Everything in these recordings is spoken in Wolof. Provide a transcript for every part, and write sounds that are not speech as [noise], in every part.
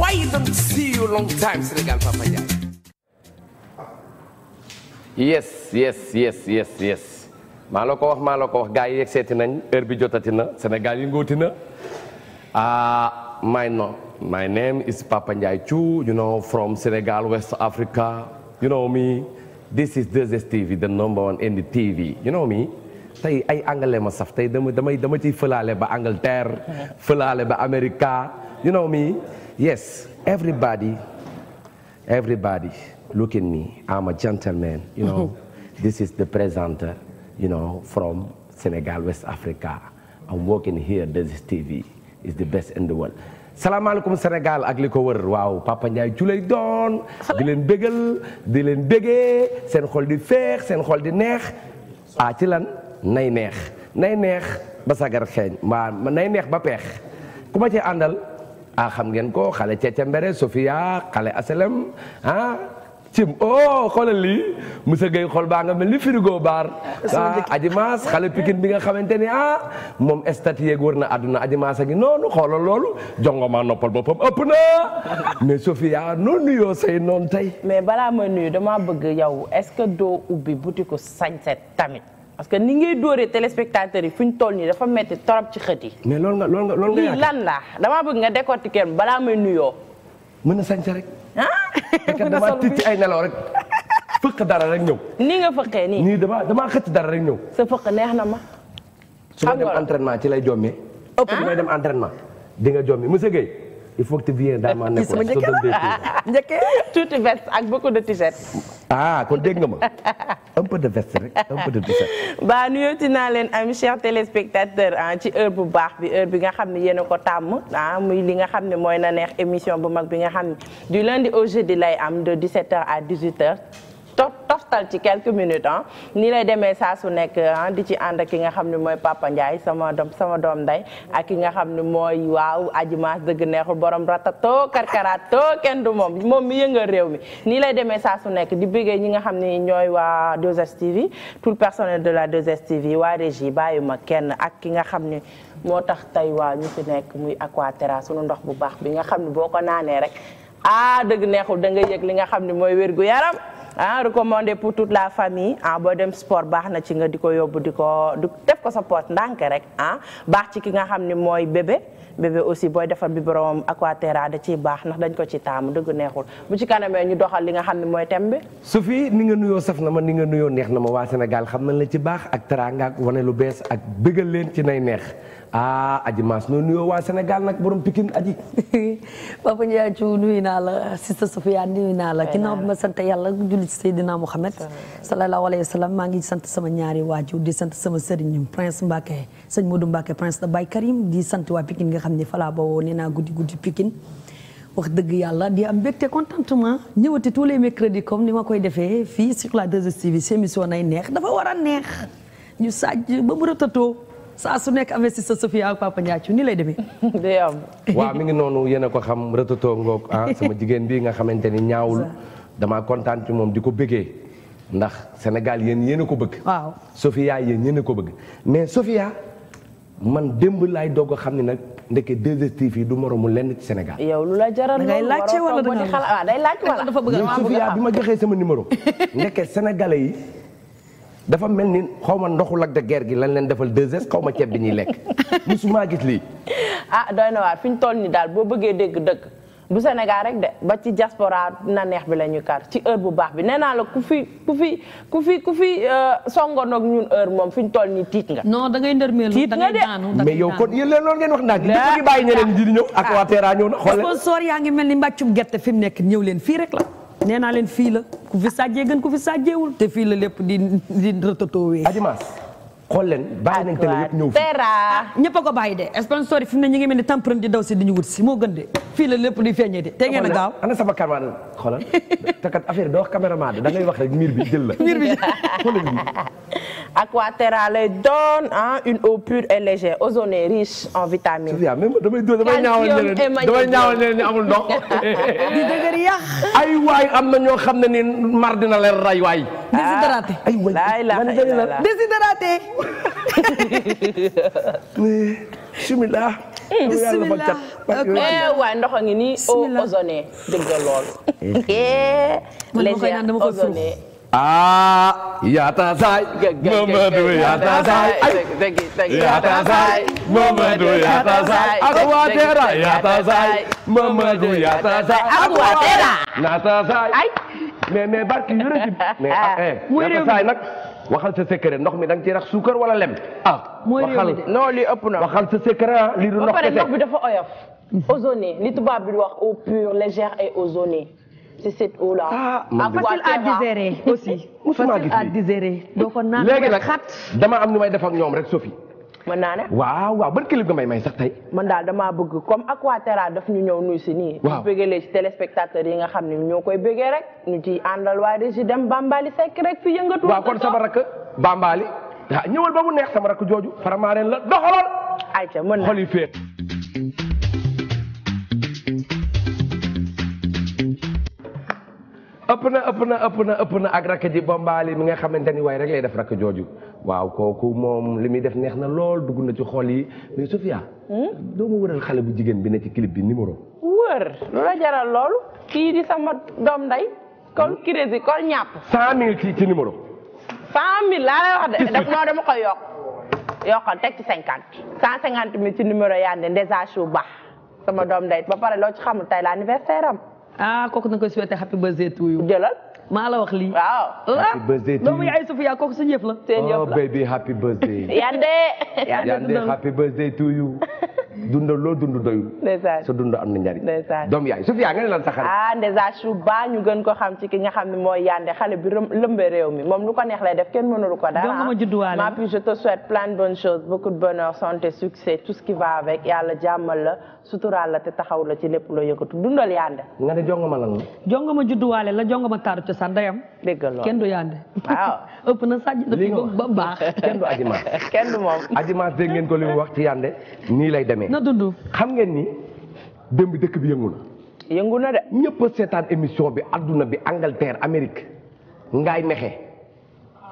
Why you don't see you long time Sénégal Papa Ndiaye. yes yes yes yes yes maa la ko wax maa la ko wax gars yi seeti nañ bi jotati na Sénégal yi ngóoti na ah, my no my name is Papa Ndiaye you know from Sénégal West Africa you know me. this is 2STV the number one in the TV you know me tey ay anglais ma saf tey dama damay dama ciy fëlaale ba Angleterre [laughs] fëlaale ba America you know me yes everybody everybody look at me I'm a gentleman you know [laughs] this is the presenter you know from Senegal West Africa I'm working here 2STV is the best in the world salaamaaleykum Sénégal ak li ko wër waaw Papa Ndiaye ju lay doon. di leen bégal di leen bégee seen xol di feex seen xol di neex ah ci lan nay neex nay neex ba sagar xeeñ mbaa nay neex ba peex ku ma ci àndal ah xam ngeen ko xale Cece Mbere Sofia xale aselem ah. cim oh xoolal lii monsieur Guèye xol baa nga mel ni frigo baar ah aji maas xale pikin bi nga xamante ni ah moom statut yeeg wër na àdduna aji gi a ngi noonu xoolal loolu jongoma noppal boppam ëpp na mais Sofia noo nuyoo say noonu tey mais balaa ma nuyu damaa bëgg yow est-ce que doo ubbi butiku sañset tamit parce que ni ngay dóoree téléspectateurs yi fu ñu toll nii dafa metti torop ci xët yi mais loolu nga loolu nga loolu nga lii lan la damaa bëgg nga décortiquer balaa may nuyoo mën na sañse rek. ah [laughs] mën damaa tiit ci ay nelaw rek. fëq dara rek ñëw. nii nga fëqee nii. nii damaa damaa xëcc dara rek ñëw. sa fëq neex na ma. su ma dem entraînement ci lay jommee. ëpp li may dem entraînement di nga jommi monsieur Guèye. il faut que tu viennes dans ma nekkoon [laughs] sama njëkkee [laughs] tuuti veste ak beaucoup de t-shirt. ah kon dégg nga ma [laughs] un peu de veste rek un peu naa leen am chers téléspectateurs ah ci heure bu baax bi heure bi nga xam ne yéen ko tàmm ah muy li nga xam ne mooy na neex émission bu mag bi nga xam ne du lundi au di lay am de 17h à 18h. gàttal ci quelques minutes ah nii lay demee saa su nekk ah, di ci ànd ki nga xam ne mooy Papa Ndiaye sama doom sama doom day ak ki nga xam ne mooy waaw ajimaas dëgg neexul borom ratato karkarato kenn du moom moom mi yëngal réew mi nii lay demee saa su nekk di bëggee ñi nga xam ni ñooy waa 2STV tout le personnel de la 2STV waa régie bàyyi ma kenn ak ki nga xam ne moo tax tey waa ñu fi nekk muy Aquaterra suñu ndox bu baax bi nga xam ne boo ko naanee rek ah dëgg neexul da nga nga xam ne mooy wér gu yaram ah recommandé pour toute la famille ah boo dem sport baax na ci nga di ko yóbbu di ko di def ko sa poche ndànk rek ah baax ci ki nga xam ne mooy bébé bébé aussi booy defar bi borom aquaterra da ci baax ndax dañ ko ci taamu dëgg neexul bu ci kanamee ñu doxal li nga xam ne mooy thème bi. Sophie ni nga nuyoo saf na ma ni nga nuyoo neex na ma waa Sénégal xam nañ la ci baax ak teraanga ak lu bees ak bëggal leen ci nay neex. ah aji maas noo waa Sénégal nag borom Pikine aji [laughs] Papa Ndiaye Thiou nuyu naa la Sista Sofiane nuyu naa la ginnaaw bi ma sant yàlla julli ci Seydina Mouhamed sallallahu alayhi wa sallam maa ngi sant sama ñaari waajur di sant sama sëriñ Prince Mbacké sëñ Modou Mbacké Prince da Baye Karim di sant waa Pikine nga xam ni falaa ba woo nee naa guddi guddi Pikine wax dëgg yàlla di am bekk mbégte contentement ñëwati tous les mercredis comme ni ma koy defee fii sur la 2STV si émission nay neex dafa war a neex ñu sàjj ba mu rëtatoo saa su nekk investisseur Sophia ak Papa Ndiaye ni lay demee. waa [laughs] am. waaw mi ngi noonu yéen ko xam rëtatoo ngoog ah sama jigéen bii nga xamante ni ñaawul [laughs] damaa kontaan ci moom di ko bëggee ndax Sénégal yéen yéen ko bëgg. waaw Sophia yéen yéen ko bëgg mais Sophia man démb laay doog a xam ni nag. ndeke 2STV yi du moromu lenn ci Sénégal. yow lu la jaral ngay laajte ah, day laaj wala. dafa bëgg Sophia bi ma joxee sama numéro. [laughs] ndeke sénégalais yi. dafa mel ni xaw ma ndoxu Lac de ger gi lan leen defal 2S xaw ma ceeb bi ñuy lekk [laughs] musuma gis lii. ah doy na waar fi ñu toll nii daal boo bëggee dégg dëgg bu Sénégal rek de ba ci diaspora na neex bi la ñu kar ci heure bu baax bi nee naa la ku fi ku fi ku fi ku fi euh, songonoog ñun heure moom fi ñu toll nii tiit nga. non da ngay ndërmeelu da ngay daanu mais yow kon yéen loolu ngeen wax nag. lépp ngi bàyyi ñeneen ñi di ñëw ak waa ñëw na. xool leen sponsor yaa ngi mel ni mbàccum gerte fi mu nekk ñëw leen fii rek la. nee naa leen fii la ku fi sàjjee gën ku fi sàjjeewul te fii la lépp di di rëtatoowee. Adimaas xool leen bàyyi nañ télé yëpp ñëw fi ah, ñëpp a ko bàyyi de sponsor yi fi mu ne gën de fii la lépp di feeñee de te ngeen a gaaw ana sama caméra xoolal te kat affaire doo wax caméraman de da ngay wax rek miir bi jël la miir bi xoolal bi Aquaterra lay doon ah, une eau pure et légère ozonée riche en vitamines même damay damay ñaawal damay ñaawal ñeneen ñu amul [laughs] di dëgër ay waay am ñoo xam ne ni mar dina le ray waay désidératé ay waay désidératé bisimilah. bisimilah ok waaye ndox ngi nii eau oh, ozonée dëgg la lool. [laughs] Eh, légère ozonée. ah yaata saay. Mamadou yaata saay. yaata saay. Mamadou yaata saay. Aquatera yaata saay. Mamadou yaata saay. Aquatera. naata saay. mais mais barke yu ne ci. mais [laughs] ah eh yaata saay nag. waxal sa secret ndox mi da nga ci rax suukar wala lem. no ah, waxal non li ëpp na waxal sa secret ah lii du ndox kese. ba pare ndox bi dafa oyof. ozoné li tubaab bi wax eau pure légère et ozonée. c'est cette eau là. ah, ah facile à digérer aussi. [laughs] facile à digérer. dama am nu may def ak ñoom rek Sophie. mën naa ne. waaw waaw ban clip nga may may sax tey. man daal damaa bëgg comme Aquaterra daf ñu ñëw nuy si nii. waaw ñu bëggalee ci yi nga xam ne ñoo koy bëggee rek. ñu ciy àndal waaye di si dem Bambali Seck rek fi yëngatu. waaw kon sama rakk Bambali. ah ñëwal ba mu neex sama rakk jooju. farama ren la doxaloon. ayca mën na xol yi ëpp na ëpp na ëpp na ëpp na ak rakk ji Bambali mi nga xamante ni waaye rek lay def rakk jooju. waaw kooku moom li muy def neex na lool dugg na ci xol yi mais Sofia. Hmm? doo ma wëral xale bu jigéen bi ne ci clip bi numéro. wër lool la jaral loolu. kii di sama doom day kon hmm? crédit kon ñàpp. cent mille ci ci numéro. cent mille laa lay wax de daf noo dama koy yokk yokkal teg ci cinquante. cent cinquante mille ci numéro yaa ne déjà baax sama doom nday ba pare loo ci xamul tey la anniversaire am. ah kooku na ko souhaité happy birthday to you. jëlal. maa la wax lii. waaw happy birthday to you doomu yaay Sofia kooku suñu yëf la. seen yëf la oh baby happy birthday. yande yande happy birthday to you. dundal loo dund doyul. ndeysaan sa dund am na njariñ. ndeysaan doom yaay Sofia nga ne lan sa xarit. ah ndeysaan Chouba ñu gën ko xam ci ki nga xam ne mooy Yande xale bi lëmbe réew mi moom lu ko neex lay def kenn mënulu ko dara. donc ma judduwaale ma puis je te souhaite plein de bonnes choses beaucoup de bonheur santé succès tout la te taxaw la ci lépp loo yëngatu dundal Yande. nga ne jongoma lan la. jongoma judduwaale la jongoma taaru cosaan ndeyam. dégg loolu kenn du Yande. waaw [laughs] ëpp na sàjj na fi ba baax kenn du Adima [laughs] kenn du moom Adima dégg ngeen ko li mu wax ci Yande nii lay demee demee. na dund xam ngeen ni démb dëkk bi yëngu na. na de. ñëpp a seetaan émission bi adduna bi Angleterre Amérique ngaay mexe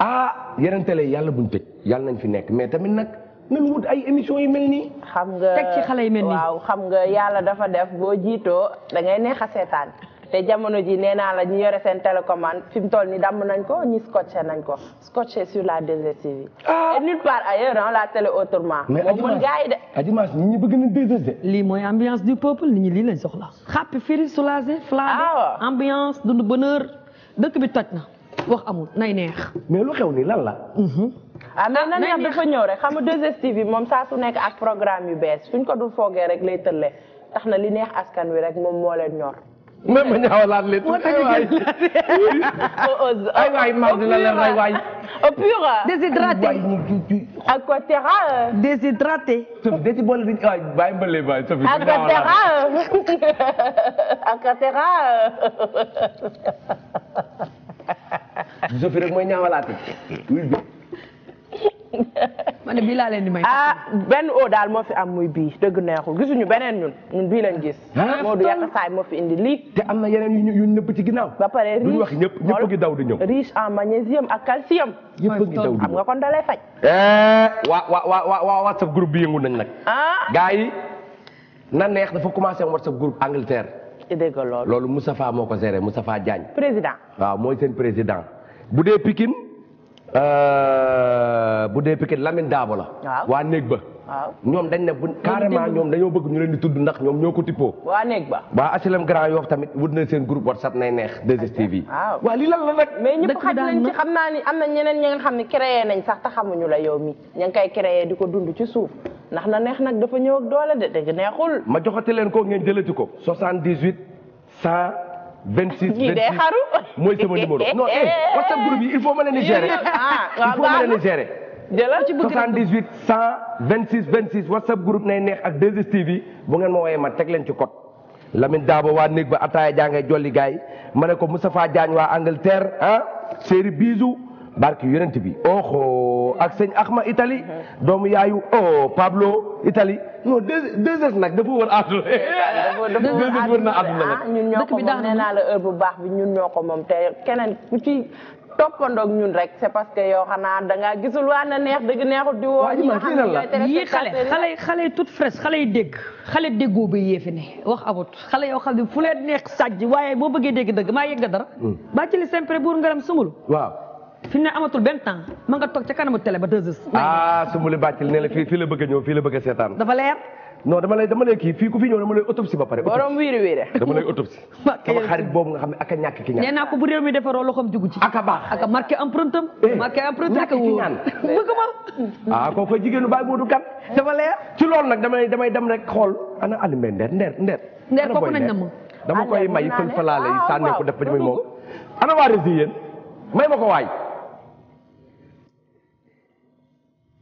ah yeneen télé yàlla buñ tëj yàlla nañ fi nekk mais tamit nag. nan wut ay émission yu mel nii. xam nga teg ci xale yu mel nii waaw xam nga yàlla dafa def boo jiitoo da neex a seetaan. te jamono ji nee naa la ñu yore seen télécommande fi mu toll ni damm nañ ko ñi scotché nañ ko scotché sur la 2STV ah! et nulle part ailleurs hein la télé autrement moom mën gars yi de Adimaas nit ñi bëgg na 2S de lii mooy ambiance du peuple nit ñi lii lañ soxla xàppi firi soulagé flab ah ambiance dund bonheur dëkk bi toj na wax amul nay neex mais lu xew ni lan la mhm. ah mais ah, nan neex dafa ñëw rek xam nga 2STV moom saa su nekk ak programme yu bees fu ko dul foogee rek lay tëlle tax na li neex askan wi rek moom moo leen ñor même ma ñaawalaat leen. moo tax ay waay mar dina leen rey waay. au pur. déshydraté waay ñu tuuti. aquaterra. Euh? déshydraté. Sophie da ci boole di waay bàyyi mbële waay Sophie. aquaterra euh? aquaterra. [laughs] Euh? Sophie rek mooy ñaawalaat. [laughs] ma ne bii laa leen di may. ah benn eau daal moo fi am muy bii dëgg neexul gisuñu beneen ñun ñun bii lañ gis. moo du yàq saay moo fi indi lii. te am na yeneen yu ñu yu ci ginnaaw. ba pare riche wax ñëpp ñëpp ngi daw di ñëw. riche en magnésium ak calcium. ñëpp ngi daw di ñëw xam nga kon da lay faj. Eh, waa waa WhatsApp groupe bi yëngu nañ nag. ah gars yi na neex dafa commencé WhatsApp groupe Angleterre. dégg loolu loolu Moustapha moo ko géré Moustapha Diagne. président waaw moo seen président bu dee Euh, bu dee Pikine Lamine Daabo la. waa néeg ba. waaw ñoom dañ ne bu carrément ñoom dañoo bëgg ñu leen di tudd ndax ñoom ñoo ko tippoo. waa néeg ba. waa HLM Grand Yoff tamit wut nañ seen groupe WhatsApp nay neex 2STV. waaw waaw lii lan la nag. mais ñëpp xaj nañ ci xam naa ni am na ñeneen ñi nga xam ne créé nañ sax te xamuñu la yow mi ña ngi koy créé di ko dund ci suuf ndax na neex nag dafa ñëw ak doole de dëgg neexul. ma joxate leen ko ngeen jëlati ko. 78 100. 26 26 xaru mooy sama numéro non eh, WhatsApp groupe yi il faut ma leen di gérer. ah il faut ma leen di gérer. jëlal ci bëgg 78 126 26 WhatsApp groupe nay neex ak 2 bu ngeen ma wooyee ma teg leen ci code. Lamine Daaba waa néeg ba ataaya jaa ngay jolli gaay ma ne ko Moustapha Diagne waa Angleterre ah séeri bisu. barki yonent bi oxo ak sëñ Axma Italie doomu yaayu o Pablo Italie non deux deux heures nag dafa wër àdduna. dafa wër àdduna ñun ñoo ko moom nee naa la heure bu baax bi ñun ñoo ko moom te keneen ku ci toppandoog ñun rek c'est parce que yow xanaa da ngaa gisul waa na neex dëgg neexut di woo. ñi nga xam ne ñooy tere yii xale xale yi toute fraîche xale yi dégg xale déggoo ba yéefe ne wax abut xale yoo xam ne fu leen neex sàjj waaye boo bëggee dégg dëgg maa yegg dara. Hmm. baa ci li sempre buur ngaram sumul fi ne amatul benn temps ma nga toog ca kanamu télé ba deux heures. ah Soumboulou Bathily ne la fii fii la bëgg a ñëw fii la bëgg a seetaan. dafa leer. non dama lay kii fii ku fi ñëw dama [laughs] a ñàkk ki ñaan. ko bu réew mi defaroo loxoom jugu ci. Eh, ah, ci loolu nag damay damay dem rek xool ana Alioune Nder Nder Nder. Nder kooku nañ na ma. dama koy may fël falaale yi ah, sànne ko def ba ñu moom ana waa Rési yéen may ma ko waay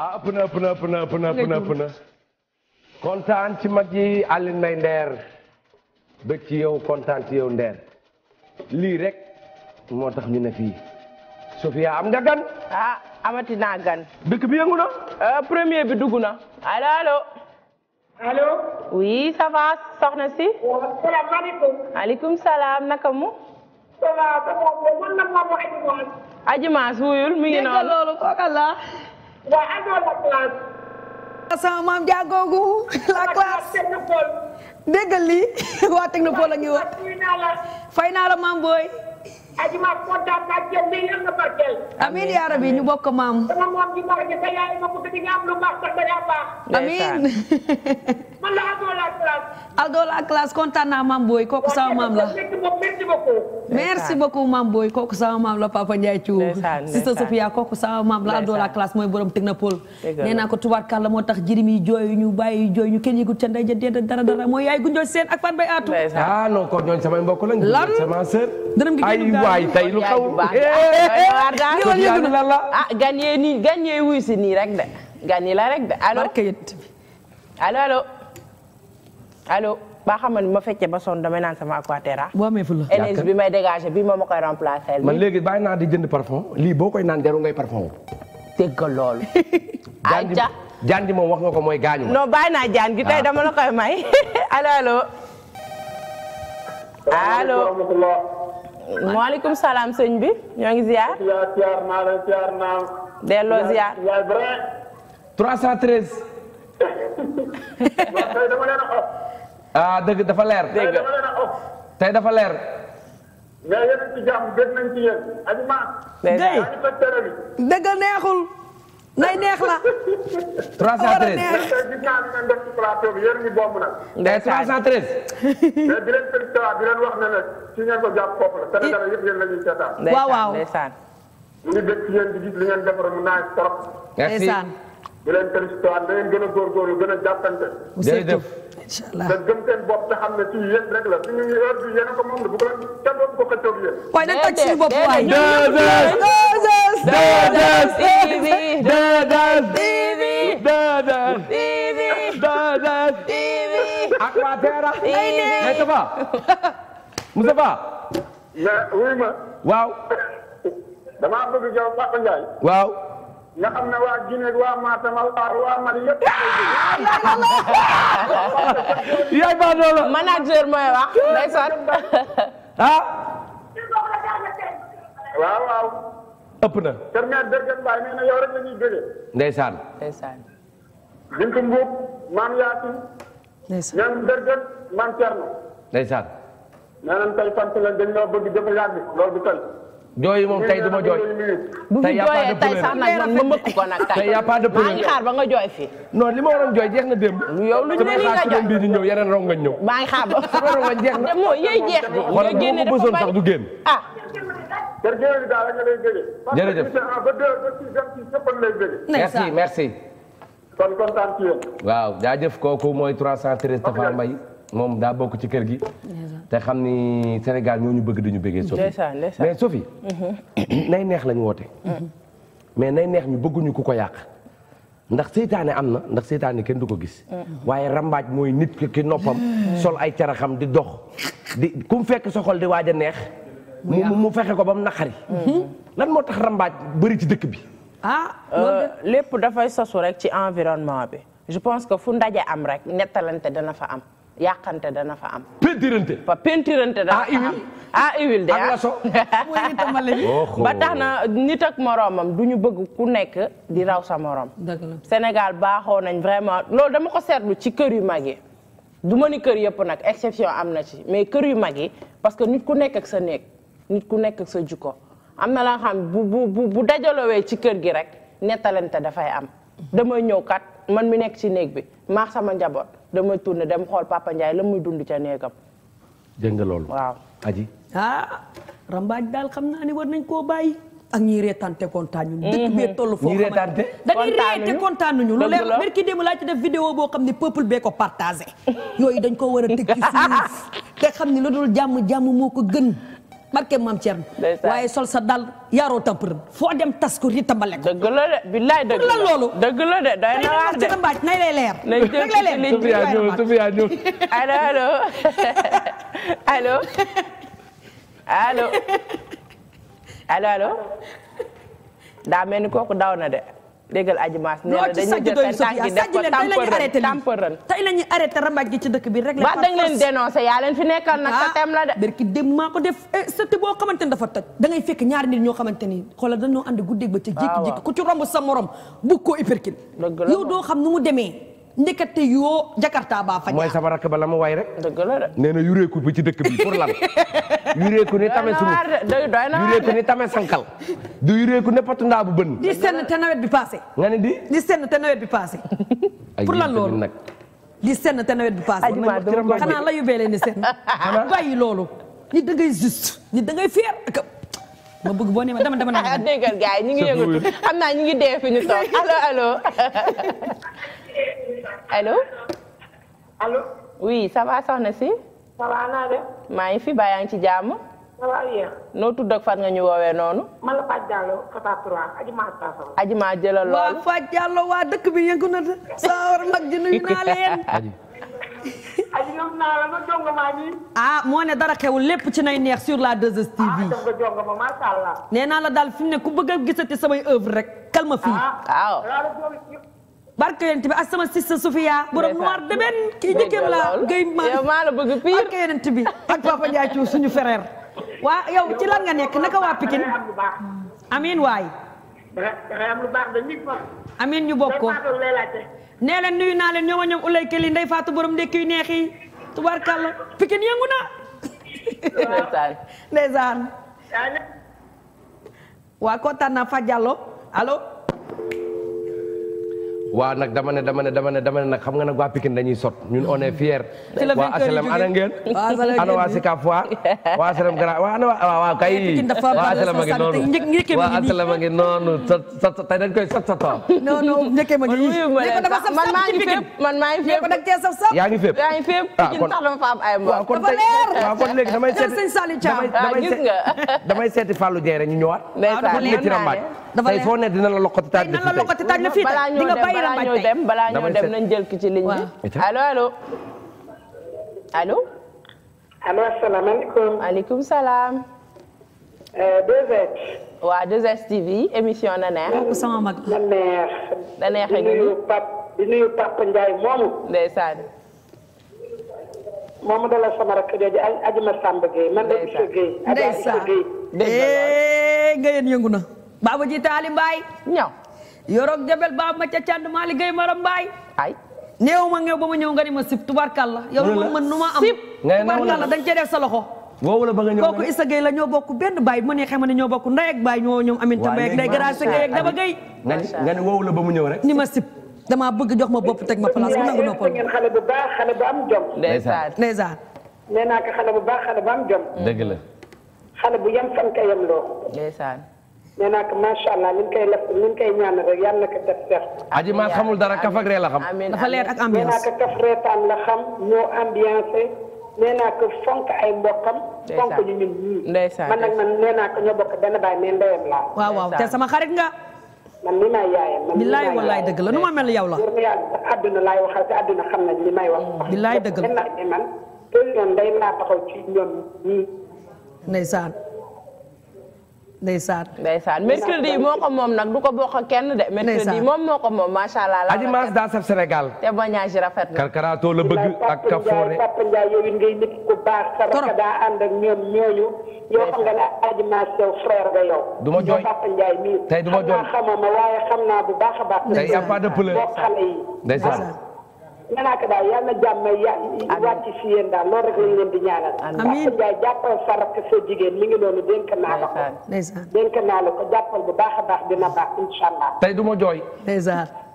ah ëpp na ëpp na ëpp na ci mag yi Alioune Mbaye Nder ci yow kontaan ci yow Nder lii rek moo tax ñu ne fii Sofia am nga gan ah amati naa gan dëkk bi yëngu na euh, premier bi dugg na allo allo allo oui ça soxna si salaamaaleykum salaam naka mu Aji Maas wuyul mi ngi noonu loolu kooka la waaye àndoon la classe. sama maam jàngoogu la classe déggal lii [laughs] waa technopole la ñuy wax. fay naa la maam booy. aji ma kontaan naa ñu bokk maam. sama [laughs] man la Ado la classe. Ado la classe kontaan naa maam Boy kooku sama maam la. merci beaucoup. merci beaucoup maam Boy kooku sama maam la Papa Ndiaye Thiou. Sister Sophia kooku sama maam la Ado la classe mooy borom technopole. nee naa ko tubaarkàlla moo tax jirim yi jooy ñu bàyyi yu jooy ñu kenn yëgul ca ndey ja dee dara dara mooy yaay gunjoo seen ak fan bay aatu. ah non kon ñooñu samay mbokk lañ. lan sama sœur. dërëm gi ay waay tey lu xaw. ah gan yee nii gan yee wuy si nii rek de gan yi la rek de allo allo allo allo ba xamal ma fekkee ba sonn damay naan sama aquaterra. waaw bi may dégager bi moom ma koy remplacer. man léegi bàyyi naa di jënd parfum lii boo koy naan jarul ngay parfum. dégg loolu. ayca [laughs] jaan gi moom wax nga ko mooy gaañu. non bàyyi naa jaan gi tey ah. dama la may allo allo. allo salaam sëñ bi ñoo ngi ziar. ziar naa leen [laughs] ah dëgg dafa leer. dëgg tey dafa leer. mais yéen a ci jàmm gën nañ ci yéen. Guèye dëgg neexul. nay neex la. 313 313. mais di leen félicité di leen wax ne nag ci ngeen ko jàpp kooku la. Sénégal yëpp yéen la ñuy seetaan. waaw waaw ndeysaan. mu ngi dëkk yéen di gis li ngeen defaral mu naaj trop. merci ndeysaan. di leen félicité da ngeen gën a góorgóorlu gën a jàppante. jërëjëf. incha allah te gëm seen bopp te xam ne ci yéen rek la suñu heure bi yéen a ko moom la bu ko la kenn dootu ko xëccoog yéen. waaye nañ toj suñu bopp waay. 2S 2S TV 2S TV 2S TV 2S TV ak waa Terra. mais Tafa Moustapha. mais wuy ma. waaw. damaa bëgg yow Papa Ndiaye. waaw. nga xam ne waa Guinée waa Matam waa Mali yëpp. Ah, yaay ba doole. manager mooy wax ndeysaan. ah. waaw waaw. ëpp na. kër Mère Dégène Baye nee na yow rek la ñuy jógee. ndeysaan. ndeysaan. Bintu Mbuub maam Yacine. ndeysaan ñoom Dégène maam Thierno. ndeysaan. nee nañ la dañ ñoo bëgg jëf yàgg loolu du tey. jooy moom tey du ma jooy. bu na jooyee tey sax nag a pas de problème maa ngi xaar ba jooy fii. non li ma waroon jooy jeex na démb. yow lu ñu ne nii nga jooy bii di ñëw yeneen rong nga ñëw. maa ngi xaar ba sama rong nga jeex na. moo yey jeex na wala bu ma ko bësoon sax du génn. ah. jërëjëf. merci merci. kon kontaan ci yéen. waaw jaajëf kooku mooy 313 Tafa Mbaye. moom daa bokk ci kër gi. te xam ni Sénégal ñoo ñu bëgg dañu bëggee. Sophie mais Sophie. Mhm. nay neex lañ woote. mais nay neex ñu bëgguñu ku ko yàq. ndax seytaane am na ndax seytaane kenn du ko gis. Mhm. waaye rambaaj mooy nit ki noppam. Mhm. sol ay xam di dox. di ku fekk soxol xol di waaj a neex. mu mu fexe ko ba mu naqari. lan moo tax rambaaj bëri ci dëkk bi. ah euh, lépp dafay sosu rek ci environnement bi. je pense que fu ndaje am rek nettalante dana fa am. yàqante dana fa am. pentirante pentirante dana ah, fa am ah huile de ah, ah. ba tax na nit ak moroomam du ñu bëgg ku nekk di raw sa moroom. Sénégal baaxoo nañ vraiment loolu dama ko seetlu ci kër yu mag yi. du ma ni kër yëpp nag exception am na ci mais kër yu mag yi parce que nit ku nekk ak sa néeg nit ku nekk sa jukko am na la xam bu bu bu dajalowee ci kër gi rek nettalante dafay am damay ñëw kat. man mi nekk ci néeg bi maax sama njaboot damay tourné dem xool papa Ndiaye la muy dund ca néegam. dégg nga loolu. waaw aji. ah rambaaj daal xam naa ne war nañ koo bàyyi. ak ñi reetaan te kontaan ñu. dëkk bee mhm. toll foo xamante ne dañuy ree te kontaan ñu lu leer la barki laa ci def vidéo boo xam ni peuple bee ko partagé. [laughs] yooyu dañ koo war a teg ci suuf [laughs] te xam ni lu dul jàmm jàmm moo ko gën. barke maam Thierno. waaye sol sa dal yaaroo tampër foo dem tas ko ritambale ko. dëgg de billaay dëgg la loolu. dëgg la de day na de tey mbaaj nay lay leer. nay jël ci ligne [laughs] mel ni kooku daw na de. déggal aji maas nee na dañuy jël seen tànk yi ah, def ko tamperon tey la ñuy arrêté rambaaj ba da nga leen dénoncé fi nekkal nag ah, sa tem la de berki dem maa ko def eh, sëtt boo xamante ni dafa toj da ngay fekk ñaari nit ñoo xamante ni xoolal dañoo ànd guddeeg ba ca jékki-jékki ah, ku ci romb sa morom bu ko hyperkil yow doo xam nu mu demee ndekete yoo Jakarta baa fa mooy sama rakk ba la ma waay rek. dëgg la de. nee na yureeku bi ci dëkk bi pour lan. [laughs] yureeku ni tame sunu yureeku ni tame sankal. du yureeku ne patu ndaa bu bën. di senn te nawet bi passé. nga ne di. di nawet bi passé. pour lan loolu di senn te nawet bi passé. xanaa la yu bee leen di senn. loolu. nit da ngay juste nit da ngay fier ma bëgg boo nee ma dama dama naan. ah [laughs] déggal gars yi ñu ngi yëngatu xam naa ñu ngi dee fi ñu toog allo allo [laughs] allo. allo. oui ça va si. ça maa ngi fi baa yaa ngi ci jàmm. ça noo tudd ak fan nga ñu woowee noonu. man la Fatou Diallo Fata 3 Adjuma Assane. Adjuma jëlal lool waaw Fatou waa dëkk bi yëngu na de. saa war mag ji nuyu aji nam naa la nga jongo maa nii. ah moo dara xewul lépp ci nay neex sur la 2STV. ah def ma macha allah. nee naa la daal fi ku bëgg a gisati samay œuvre rek kalma fii. Ah, waaw barke yonent bi ak sama sista Sofia borom noir de benn kii njëkkeem la gay ma maa la bëgg pire barke yonent bi ak papa Ndiaye Thiou suñu frère. waa yow ci lan nga nekk naka waa Pikine amiin waay. da ngay am ñu bokk nee leen nuyu naa leen ñooma ñoom ulay këli ndey faatu borom ndekki yu neex yi tubarkalla Pikine yëngu na. ndeysaan [laughs] ndeysaan. waa kontaan naa Fat Diallo allo. waa nag dama ne dama ne dama ne dama ne nag xam nga nag waa Pikine dañuy sot ñun on est fier waa aslem ana ngeen ana waa Sicap Foire waa [laughs] aslem grand waa ana waa waaw kay waa aslem a ngi noonu a ngi noonu ma man maa ngi fépp man maa ngi fépp nag tee saf saf yaa ngi fépp yaa ngi fépp ah, Pikine fa am ay mbokk kon waaw damay seeti sëñ Saliou Thiam ah, gis [laughs] damay seeti Fallou Dieng ñu ñëwaat kon léegi dina mbaaj tey foo Birame Bathie ñoo dem balaa ñoo dem nañ jël ki ci ligne alo allo allo allo. allo asalaamaaleykum. maaleykum salaam. 2S. waaw 2S TV émission na neex. sama mag la neex. da neex a nuyu Pape di nuyu Pape Ndiaye moomu. ndeysaan. moomu dala sama rakk jooju Adjuma Samb Gueye man de Issa Gueye. ndeysaan Adja Issa Gueye. Eh, yoroog jabel baa ma ca cànd maa liggéey maram mbaay ay néew ma ngeew ba ma ñëw nga ni ma sip tubarkalla yow lu ma mën nu ma am tubarkalla da nga cee def sa loxo woowu la ba nga ñëw kooku Issa Gueye la ñoo bokk benn baay bu ma nee xam ne ñoo bokk ndey ak baay ñoo ñoom amin tambay ak day grâce Gueye ak Daba Gueye nga ni woowu la ba mu ñëw rek ni ma sip damaa bëgg jox ma bopp teg ma place bu nangu noppal ngeen xale bu baax xale bu am jom ndeysaan ndeysaan nee naa ko xale bu baax xale baa am jom dëgg la xale bu yam fan ka yam loo ndeysaan nee naa ko macha allah li ñu koy lef li yàlla na ko def seex. aji maa xamul dara kaf ak ree la xam. ak ambiance nee naa ko kaf reetaan la xam ñoo ambiance fonk ay mbokkam. fonk ñu ñun ñii. ndeysaan man nag man nee naa ko ñoo bokk waaw waaw te sama xarit nga. man li may yaayam man bilaay walaay dëgg la nu ma mel yow la. yéen yàlla àdduna laay waxal te àdduna xam nañ li may wax. bilaay dëgg la man. tey ñoom day laa taxaw ci ñoom ñii. ndeysaan. ndeysaan ndeysaan mercredi yi moo ko moom nag du ko bokk ak kenn de mercredi yi moom moo ko moom macha allah la aji maas daa saf Sénégal témoignage yi rafet na karkaraato la bëgg ak kafoore Papa Ndiaye yow it ngay nit ku baax sa rakk daa ànd ak du ma jooy Papa du ma jooy xamama waaye xam naa nee naa ko daal yal na jàmm ya wàcc si yéen daal loolu rek lañ leen di ñaanal. amiin jaay jàppal sa rakk sa jigéen mi ngi noonu dénk naa la ko. dénk naa la ko bu baax a baax dina baax incha allah. du ma jooy.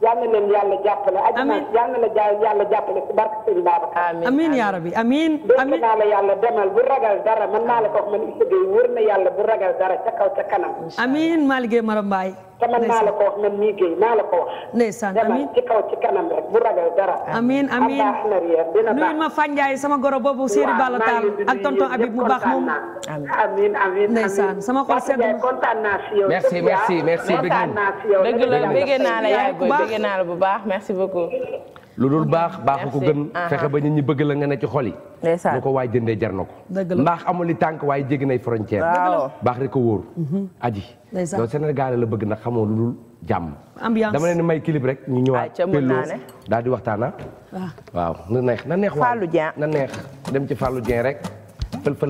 yàlla leen yàlla jàppale. amiin yàlla la jaay yàlla jàppale ci barke Sëriñ Babacar. amiin amiin yaa rabbi amiin. amiin naa la yàlla demal bu ragal dara man maa la ko wax man Issa Gueye wër na yàlla bu ragal dara ca kaw ca kanam. amiin maa liggéey Maram Mbaye. te man maa la ko wax man mii Gueye maa la ko wax. ndeysaan amiin demal ci kaw ci kanam rek bu ragal dara. amiin amiin am na dina baax nuyu ma Fanjaay sama goro boobu Sëriñ Balla Tall ak tonton Habib mu baax moom. amiin amiin ndeysaan sama xol sedd na. kontaan naa si yow. merci merci merci bëgg naa la yaay bëgg naa la bu baax merci beaucoup. lu dul baax baax ko gën ah, ah. fexe ba ñu ñi bëgg la nga ne ci xol yi. lu ko waay jëndee jar na ko. mbaax amul i tànk waaye jéggi nay frontière. baax rek ko wóor. Mhm. aji. loolu Sénégal la bëgg nag xamoo lu dul jàmm. ambiance dama leen di may clip rek ñu ñëwaat. pelloos daal di waxtaana ah? waaw na neex na neex waaw Fallou Dieng na neex dem ci Fallou Dieng rek fël fël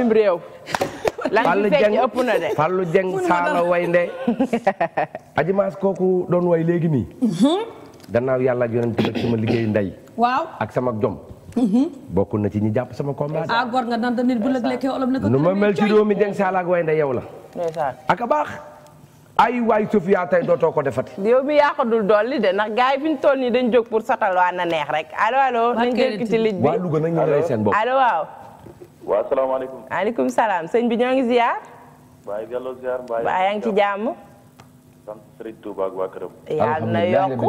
mim réew. lan fi fekk ëpp na de Fallou Dieng saala way nde [laughs] aji maas kooku doon way léegi mi mhm. gannaaw yàlla ak yonent bi sama liggéey ndey. waaw ak sama jom. Mhm. bokk na ci ñi jàpp sama combat. ah góor nga naan nit bu la lekkee olof la ko. nu ma mel ci doomi Dieng saala ak way nde yow la. ak a baax. ay waay Sofia tey dootoo ko de ndax gars yi fi ñu toll nii dañ jóg satal waa na neex rek allo allo. nañ jël ci ligne bi waa Louga nag ñu seen bopp waaw salaamaaleykum. maaleykum salaam sëñ bi ñoo ngi ziar. Baye Gallo ziar Baye. yaa ngi ak waa këram. yàlla na yokku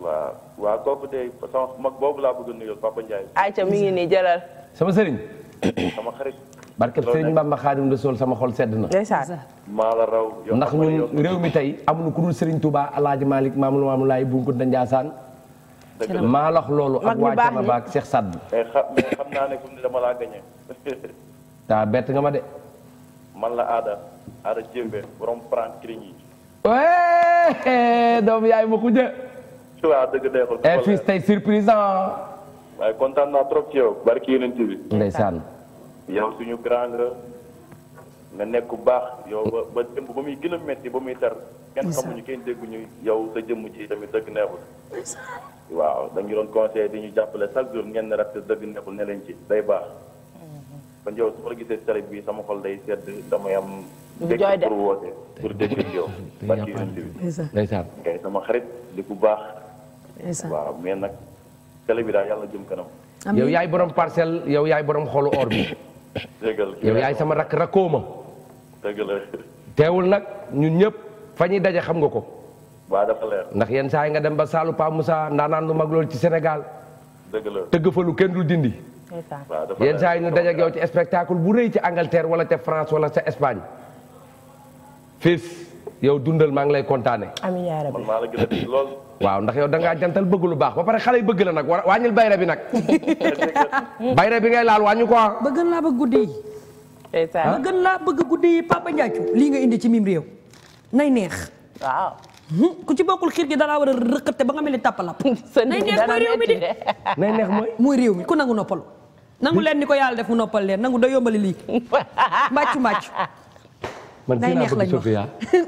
waaw waaw kooku tey sama mag laa bëgg a nuyoo Papa Ndiaye. ayca mi ngi nii jëlal. sama sëriñ. sama xarit. barke Serigne Bamba Xaadim Rasul sama xol sedd na. maa la raw. ndax ñun réew mi tey amuñu ku dul Serigne Touba El Hadj Malick Mamadou Mamadou Laye Boukounta Ndiassane maa lax loolu ak waa Jama Ba ak Cheikh Sadd. Eh, mais xam naa ne fi ne dama laa gañe. ah [laughs] bett nga ma de. man la aada aada jéembe borom prendre kiriñ yi. Eh, doomu yaay eh, ah. kontaan naa trop ci yow barki nekk bu baax yow ba ba jëmb ba muy gën a métti ba muy tar. kenn xamuñu kenn dégguñu yow sa jëmm ji tamit dëgg neexul. waaw dañu doon conseillé di ñu jàppale chaque jour ngeen ne rek dëgg nekkul ne leen ci day baax. Mhm. kon yow su ma gisee tarif sama xol day sedd damay am. jooy de pour woote pour dégg yow. [laughs] ndeysaan ngay sama xarit di ku baax. waaw mais nag télé bi daal yàlla jëm kanam. yow yaay borom parcelle yow yaay borom xolu or bi. [coughs] yow yaay sama rak rakkooma. dëgg la. teewul nag ñun ñëpp fa ñuy daje xam nga ko. waa ndax yenn saa yi nga dem ba Saalum Pa Moussa ndaanaan lu mag loolu ci Sénégal. dëgg tëgg fa lu kenn du dindi. yenn saa yi nu daje yow ci spectacle bu rëy ci Angleterre wala ca France wala ca Espagne. fils yow dundal maa ngi lay kontaane. amiin yaa waaw ndax yow da jantal bëgg lu baax ba pare xale yi bëgg la nag wàññil bayra bi nag. [laughs] bayra bi ngay laal wàññi ko ah. ba gën laa bëgg guddi yi. ba gën laa bëgg guddi yi Papa Ndiathio lii nga indi ci mim réew nay neex ku ci bokkul xiir gi dalaa war a rëkkate ba nga mel ni tàppalap nay neex mooy réew mi di [laughs] nay neex mooy muy réew mi ku nangu noppalu nangu leen ni ko yàlla def mu noppal leen nangu da yombali lii [laughs] mbàccu mbàccu man fii laa bëgg Sofia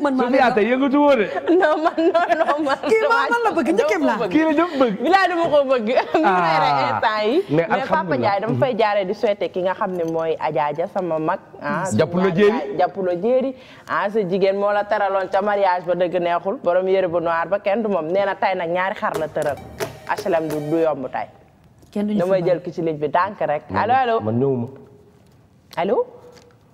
man maa Sofia tey yëngatu woo man non man. kii maa man la bëgg njëkkeem laa. kii la jëm bëgg. bilaa dama ko bëgg. mi ngi lay rey instant yi. Papa Ndiaye dama fay jaaree di souhaité ki nga xam ne mooy Adja sama mag. ah jàppuloo jéeri jàppuloo jéeri ah sa jigéen moo la tëraloon ca mariage ba dëgg neexul borom yére bu noir ba kenn du moom nee na tey nag ñaari xar la tëral HLM du du yomb tey. kenn du ñu jël ki ci bi dànk rek allo allo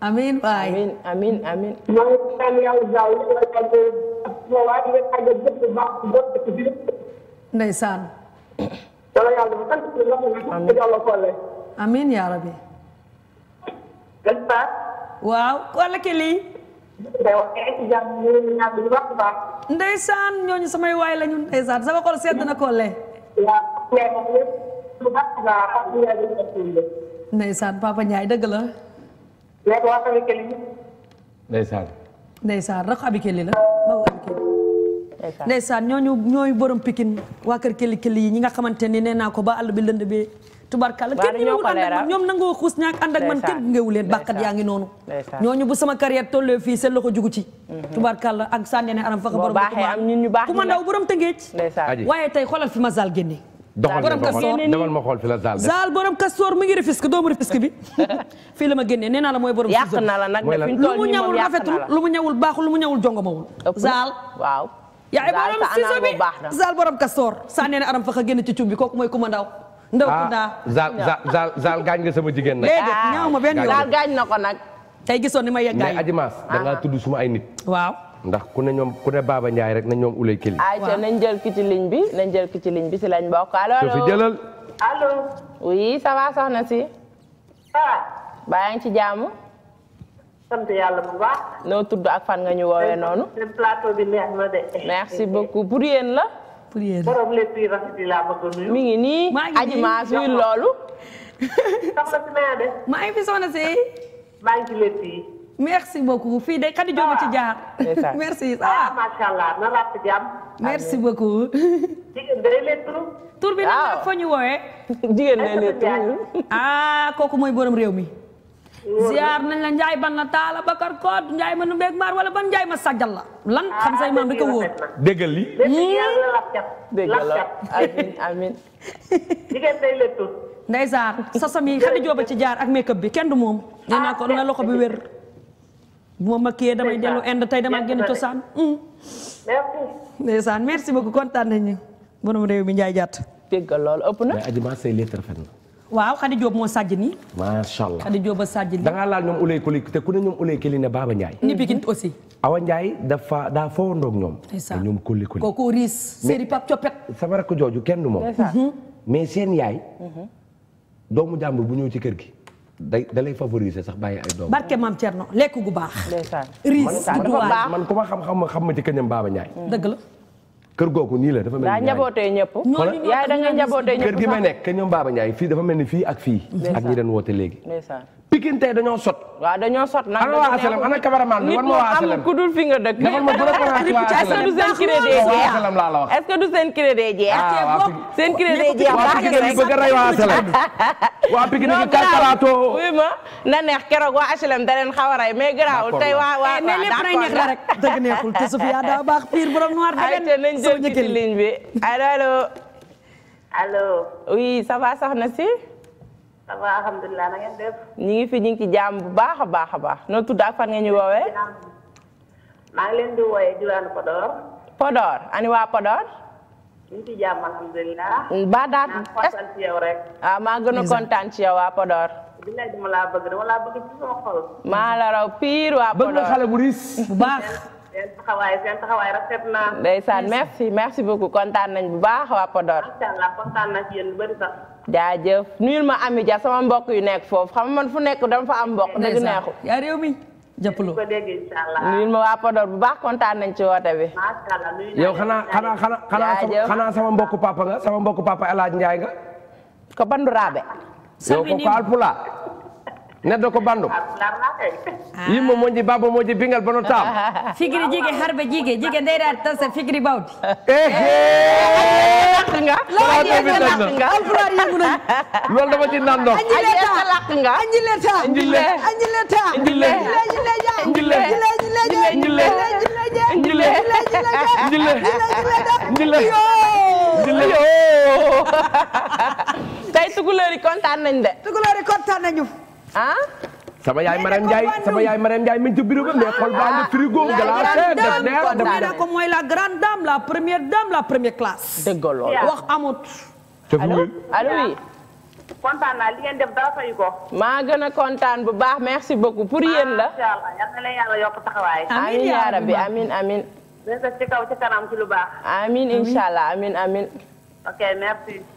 amiin waay amiin amiin amiin. maa ngi tànn yàlla jaaw rabbi. waaw wala kili. ndeysaan ñooñu samay waay la ñu ndeysaan sama xol sedd na kolle. saan papa Ndiaye dëgg la. nekk wax abi këli. ndeysaan. abi këli la bawu abi këli. ndeysaan ñooñu ñooy borom pikin waa kër këli këli yi ñi nga xamante ni nee naa ko ba àll bi lënd bi tubarkalla kenn ñëwul ànd ak man ñoom ak man kenn ngewu leen bàkkat yaa ngi noonu ñooñu bu sama carrière tollee fii seen loxo jugu ci mhm. tubarkalla ak sànneene aram faxa borom ku ma ndaw borom tëngeej waaye tey xoolal fi ma sal borom kastoor demal xool fi la zaal zaal borom kastoor mu ngi Rufisque doomu Rufisque bi [laughs] fii la ma génnee nee naa borom yàq na la nag lu mu ñawul rafetul lu mu ñawul baaxul lu mu ñawul jongomawul zaal waaw yaay borom siso bi zaal borom kastoor saa nee aram faxa génn ci cum bi kooku mooy kuma ndaw ndaw kundaa ah, zaal zaal gaañ nga sama jigéen nag léegi ñaaw ma benn yoon zaal gaañ na ko nag tey gisoon ni ma yeggaay mais Adji Mass da ngaa ah. tudd suma ay nit waaw ndax ku ne ñoom ku ne Baba Ndiaye rek na ñoom ulay kili. waaw nañ jël ki ci ligne bi nañ jël ki ci ligne bi si lañ bokk allo. Sophie jëlal. allo. oui ça va si. ah. ngi ci jaamu. yàlla bu baax. noo tudd ak fan nga ñu woowee eh, noonu. plateau bi neex merci eh, eh. beaucoup pour la. pour la borom lépp mi ngi nii aji maa suy loolu. merci beaucoup fii dey xadi joobu ci jaar. Ah, [laughs] merci ah macha allah na la jàmm. merci beaucoup. [laughs] bi nag foo ñu ah, kooku mooy borom réew mi. ziar nañ la njaay ban na taala bakar kood njaay ma nu mbeeg maar wala ban njaay ma sajjal la lan ah, xam say maam di ko wóor déggal li déggal hmm? la amin amin [laughs] jigéen day jooba ci jaar ak make-up bi kenn du moom nee naa ko na loxo bi bu ma makkee damay dellu Inde tey damaa génn cosaan. Mm. merci. ndeysaan merci beaucoup kontaan nañu. borom réew mi Ndiaye Diatta. dégg nga loolu ëpp na. mais Adji Mass say lettre rafet na. waaw Khady Diop moo sàjj nii. macha allah Khady Diop a sàjj nii. da ngaa laal ñoom Ulay Koli te ku ne ñoom Ulay Koli ne Baba Ndiaye. ni Pikine aussi. Awa Ndiaye dafa daa fowandoo ak ñoom. ndeysaan ñoom Koli Koli. kooku riis séri Pape Copet. sama jooju kenn du moom. Mhm. mais seen yaay. Mhm. doomu jàmbur bu ñëw ci kër gi. day da lay favoriser sax bàyyi ay doom. barke maam Thierno lekk gu baax. riis du man ku ma xam-xam ma xam ma ci kañam Baba Ndiaye. Mm. dëgg la. kër googu nii la dafa mel ni. daa njabootee ñëpp. yaay da nga njabootee ñëpp kër gi may nekk kañam Baba Ndiaye fii dafa mel ni fii ak fii. ak ñi den woote léegi. Pikine tey dañoo sot. waaw dañoo sot nag ana waa asalam ana cameraman bi nit moom amul ku dul fi nga dëkk. a commencé du seen crédit jeex est ah, du seen crédit jeex. waaw waaw seen crédit jeex waa Pikine bi bëgg a rey ma na neex keroog waa asalam da leen xaw a rey mais garaawul tey waa waa mais eh, lépp nay neex la rek [laughs] dëgg daa baax pire borom noir dëgg ay nañ jël ci ligne bi allo allo. allo oui ça va soxna ça va ñu ngi fi ñu ngi ci jàmm bu baax a baax a baax noo tudd ak fan nga ñu woowee. maa ngi leen di woowee Diouane Podor. Podor waa Podor. ñu ngi ci yow ah, a kontaan ci waa Podor. bilaay dama laa waa Podor bëgg nga merci merci beaucoup kontaan nañ bu baax waa Podor. lu bëri jaajëf nuyul ma Ami Dia sama mbokk yu nekk foofu xam man fu nekk dama fa am mbokk dëgg neexu yaa réew mi jàppaloo ko dégg incha allah ma waa Podor bu baax kontaan nañ ci woote bi macha allah yow xanaa xanaa xanaa sama mbokku papa nga sama mbokku papa El Hadj Ndiaye nga ko bandu raabe yow ko alpula neɗɗo ko banndum ah. yimmo moƴƴi baba moƴƴi bingal bono tam [laughs] figiri jigue harba jigue jigue ndeyɗade tan sa figiri bawdi eheaga alpulaar yimunoy lol dama ci nan ɗon ajileaga ajileta ajileta tey tukulóor yi kontaan nañ de tukulóor yi kontaan nañu ah. sama yaay Marème Ndiaye sama ci bureau ba mais xool baa ah, frigo glacé def neer la grande dame la première dame la première classe. dëgg loolu wax amut. kontaan maa gën a kontaan bu baax merci beaucoup pour yéen la. macha yaa rabbi amiin amiin. lu baax. amiin incha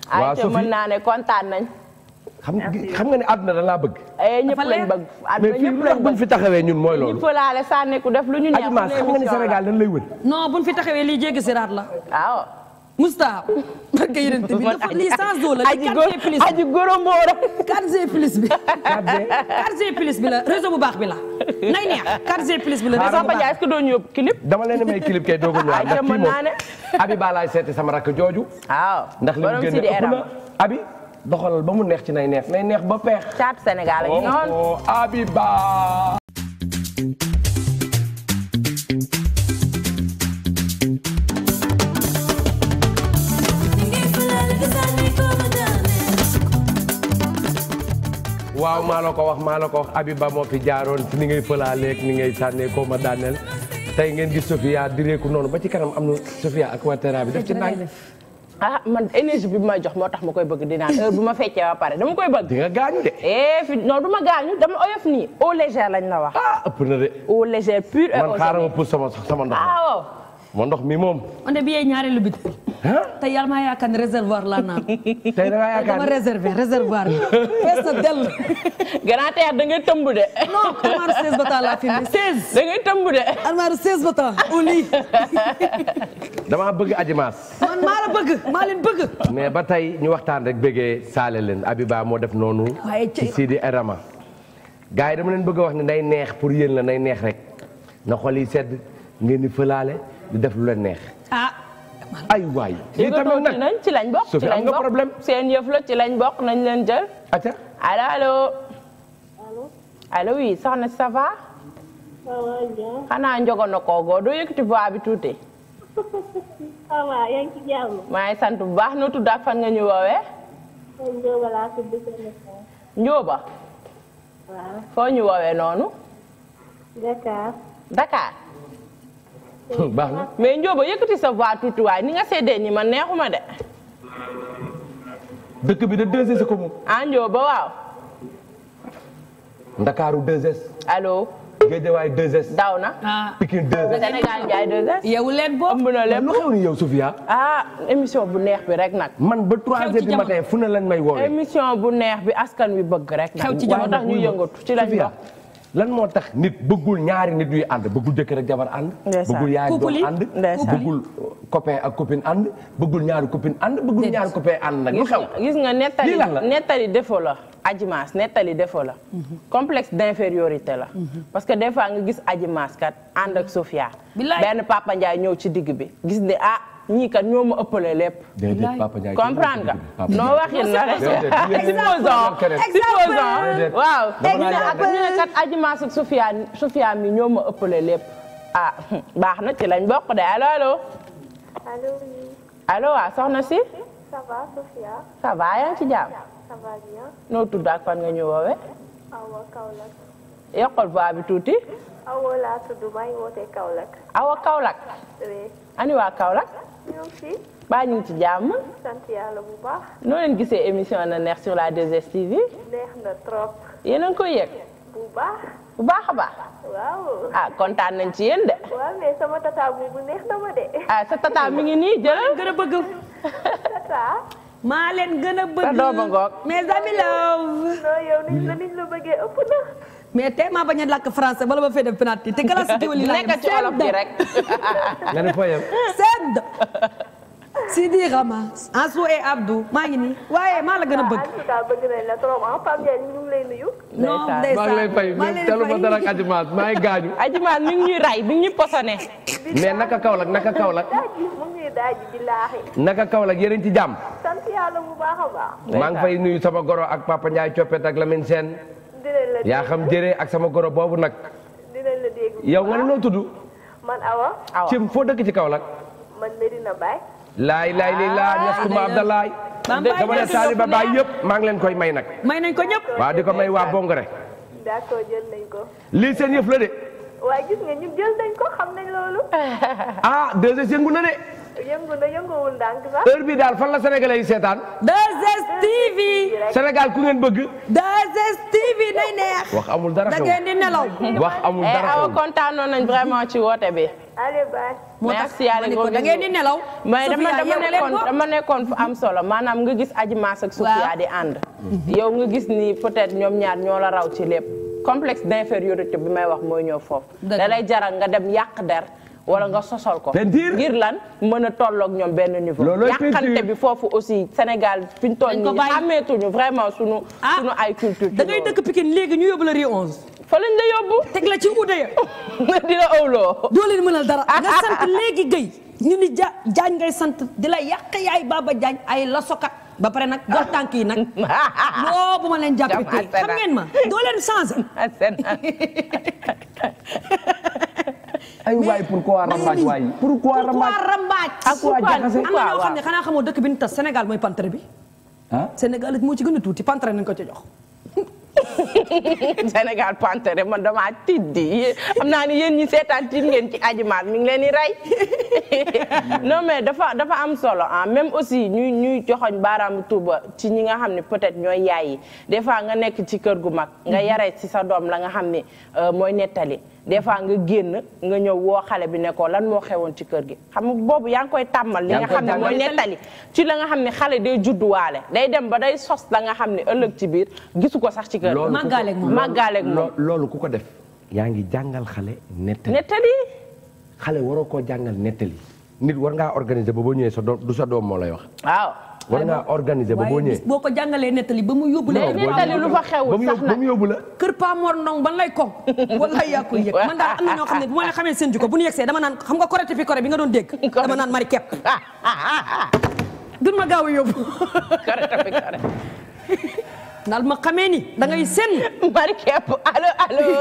ay te mën naa kontaan nañ. xam nga ne àdduna da laa bëgg. Eh, ñëpp lañ bëgg mais fii lu tax buñ fi taxawee ñun mooy loolu. ñu fëlaale sànneeku def lu ñu neex. Adima xam nga ne Sénégal dañ lay wër. non buñ fi taxawee lii jéggi siraat la. waaw. Moustapha. barke yonent bi dafa lii sans eau la. aji góor aji góoromoora. 4G plus bi. 4G plus bi la réseau bu baax bi la. nay neex 4G plus bi la réseau bu baax. est-ce que doo ñu yóbbu clip. dama leen may clip kay doog a ñëwaat [laughs] ndax kii moom Abi Ba laay seeti sama rakk jooju. waaw ndax li mu génn ëpp na Abi doxalal ba mu neex ci nay neex nay neex ba peex. caatu Sénégal ak waaw maa la ko wax maa la ko wax Abiba moo fi jaaroon ni ngay fëlaaleeg ni ngay sànnee ma daaneel tey ngeen gis Sofia direeku noonu ba ci kanam am na Sofia ak watera bi def ci naan ah man énergie bi ma jox moo tax ma koy bëgg dinaa heure bu ma feccee ba pare dama koy bëgg. di nga gaañu de. eh fi non ma gaañu dama oyof nii eau légère lañ la wax. ah ëpp na de. eau légère pure et eau. man xaaral pour sama sama ndox. ah waaw. ma ndox mi moom. on est bien ñaareelu bit. te yàlla maa yaakaar ne réservoir laa naan. tey dama yaakaar dama réservé réservoir bi. fees na dell. grand théâtre da ngay tëmb de. non almaaru 16 ba temps fi mu. 16 da ngay tëmb de. almaaru 16 ba temps au damaa bëgg Adimaas. man maa la bëgg maa leen bëgg. mais ba tey ñu waxtaan rek bëggee saale leen Abiba moo def noonu. waaye ci Sidi Erama. gars yi dama leen bëgg a wax ne day neex pour yéen la day neex rek na xol yi sedd ngeen di fëlaale di def lu leen neex. Ah. ay waay lii tamit nag ci lañ bokk ci lañ bokk seen yëf la ci lañ bokk nañ leen jël aca allo allo allo oui soxna si ça xanaa njogono koogoo doo yëkkati voix bi tuuti waaw [laughs] yaa sant bu baax noo tudd fan nga ñu woowee Njóoba laa ñu woowee noonu Dakar Dakar [laughs] baax na mais Ndiobo yëkkati sa voix tuuti waaye ni nga seddee ñi ma neexuma de. dëkk bi de 2 ko moom. ah ba waaw. Ndakaaru 2S. allo. Guédiawaye 2S. daw na. Ah. yow leen boo. am na leen lu xew ni yow Sophia. ah émission bu neex bi rek nag. man ba 3 heures du matin fu ne lañ may woowee. émission bu neex bi askan wi bëgg rek. xew ci jamono tax ñu yëngatu ci lañ wax. lan moo tax nit bëggul ñaari nit yuy ànd bëggul jëkkër ak jabar ànd. bëggul yaay doom ànd. bëggul uh, copain ak copine ànd. bëggul ñaari copine ànd bëggul ñaari copain ànd nag. lu xew gis nga nettali nettali defoo la. ajimaas nettali defoo la. Mhm. complexe d'infériorité la. Mhm. parce que des fois nga gis ajimaas kat ànd ak Sofia. benn Papa Ndiaye ñëw ci digg bi gis ne ah. ñii kat ñoo ma ëppale lépp. déedéet papa Ndiaye comprendre nga. non waxin la rek. supposons supposons waaw. dégg na ak ñu ne kat Adji Mansour Soufiane Soufiane mi ñoo ma ëppale lépp. ah [laughs] baax na ci lañ bokk de allo allo. allo oui. soxna si. ça ci jàmm. noo tudd ak fan nga ñu woowee. yokkal voix bi tuuti. Awa laa tudd maa ngi wootee Kaolack. Awa Kaolack. oui. ani waa Kaolack. ñoo fi. baa ñu ngi ci jàmm. sant yàlla bu baax. noo leen gisee émission na neex sur la 2STV. neex na trop. yéen a ngi koy yëg. bu baax. bu baax a baax. waaw. ah kontaan nañ ci yéen de. waaw mais sama tata bu neex na ma de. ah sa tata mi ngi nii jëlal gën a bëgg. tata. maa leen gën a bëgg. sa doom a ngoog. mais Ami yow niñ la niñ la bëggee mais tey maa bañ a làkk français bala ma fay def penalty te classe géwél yi laa yem ci olof bi rek [laughs] nga ne fooy yem sedd Sidi Rama maa ngi nii waaye maa la gën a bëgg. bëgg ah, maa ngi lay maa ngi gaañu. Adjumane mi ngi ñuy ray mi ngi posone. mais naka Kaolack naka Kaolack. mu ngi daaji naka Kaolack yéen a ci jàmm. maa ngi fay nuyu sama goro ak Papa Ndiaye Coppet ak Lamine Sène. yaa xam jëree ak sama goro boobu nag. dinañ yow nga ne noo tudd. man awa. cim foo dëkk ci Kaolack. man lay Baye. laay laay li laa ñastuma ah, Abdalaay. dama ne taaliba baay yëpp maa ngi leen koy may nag. may nañ ko ñëpp. waaw di ko may waa Bongore. lii seen yëf la de. ah deux heures yëngu de. yëngu na yënguwul ndànk sax. heure bi daal fan la sénégalais yi seetaan. 2STV. Sénégal ku ngeen bëgg. 2STV day neex. wax amul dara xew da ngeen di nelaw. wax amul dara eh, xew awa kontaanoon nañ ci woote bi. allez baax. merci yàlla da ngeen di nelaw. mais dama nekkoon dama nekkoon fu am solo maanaam nga gis Adji Mass ak Sofia di ànd. yow nga gis ni peut ñoom ñaar ñoo la raw ci lépp. complexe d'infériorité bi may wax mooy ñëw foofu. da lay jaral nga dem yàq der. wala nga sosol ko ngir lan mën a tolloog ñoom benn niveau yàqante bi foofu aussi Sénégal fi ñu toll nii ameetuñu vraiment sunu ah, sunu ay culture da ngay dëkk Pikine léegi ñu yóbbu la rue fa lañ la yóbbu teg la ci [laughs] di la ëwloo doo leen mënal dara ah, nga ah, sant léegi gëy ñu ni ja jaañ ngay sant di la yàq yaay Baba Jaañ ay la sokat ba pare nag jox tànk yi nag [laughs] loo bu ma leen jàppee xam ngeen ma doo leen changé [laughs] ay waay pourquoi rambaaj waay pourquoi rambaaj ak waa jaxase am na ñoo xam ne xanaa xamoo dëkk bi ñu tas Sénégal mooy pantre bi ah Sénégal moo ci gën a tuuti pantre nañ ko ci jox [laughs] Sénégal pantere man damaa tiddi xam naa ni yéen ñi seetaan tiit ngeen ci ajimaat mi ngi leen di rey [laughs] non mais dafa dafa am solo ah même aussi ñuy ñuy joxoñ baaraamu tuuba ci ñi nga xam ne peut-être ñooy yaay yi des fois nga nekk ci kër gu mag nga mm-hmm. yare ci sa doom la nga xam ne euh, mooy nettali des fois nga génn nga ñëw woo xale bi nekkoo lan moo xewoon ci kër gi xam boobu yaa ngi koy tàmmal li nga xam ne mooy nettali ci la nga xam ne xale day judduwaale day dem ba day sos la nga xam ne ëllëg ci biir gisu ko sax ci kër gi màggaaleeg moom loolu ku ko def yaa ngi jàngal xale nettali nettali xale waroo koo jàngal nettali nit war ngaa organiser ba ba ñëwee sa doom du sa doom moo lay wax waaw war ngaa ba boo ñëwee boo ko jàngalee nettali ba mu yóbbu la nettali lu fa xewul ba mu yóbbu la kër Pa Mor Ndong ban lay koŋ yaa koy yëg [laughs] man daal am na ñoo xam ne bu ma xamee seen bu ñu yegsee dama xam nga korete fi koré bi nga doon dégg [laughs] dama naan mari kepp [laughs] dun ma gaaw a yóbbu korete ma xamee ni da ngay seen mari kepp allo allo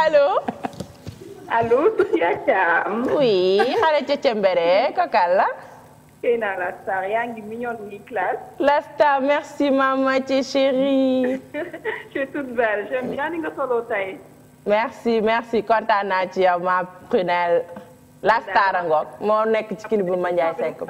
allo allo Yaa Caam oui xale ca la Seyna la star merci maman tu es [laughs] merci merci kontaan naa ci yow ma prunelle. la star ngoog moo nekk ci clip bu Mandiaye Seck.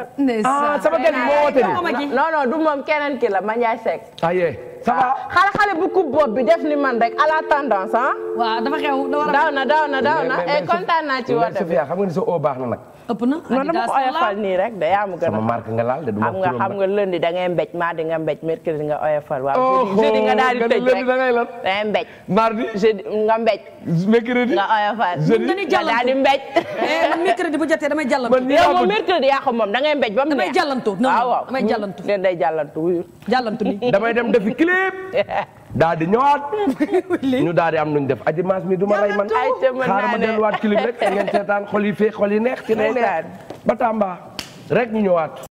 ah sama kenn moo woote nii. non non du moom keneen ki la Mandiaye aye. Ah, ça va xale bu kub bopp bi def ni man rek à la tendance ah. waaw dafa xew daaw na daaw na daaw na et eh, kontaan naa ci woote bi. xam nga ni sa oo baax na nag. ëpp na non nii rek de a. sama nga laal de du ma xam nga xam nga lundi da ngay mbéj mardi nga mbéj mercredi nga oyofal. waaw oh, jeudi nga daal di tëj rek da ngay lan. da ngay mbéj. mardi jeudi nga mbéj. mercredi nga oyofal. jeudi nga daal di mbéj. Eh, mercredi bu jotee damay jàllantu. man nii laa bëgg mercredi yaa ko moom da ngay mbéj ba mu neex. Ah, damay jàllantu non damay jàllantu. jàllantu ni damay dem defi clip [laughs] daal di ñëwaat ñu daal di am nuñ def aji maas mi du ma rey man xaaral ma delluwaat clip rek [laughs] ngeen seetaan xol yi fee xol yi neex ci lay neex ba Tamba rek ñu ñëwaat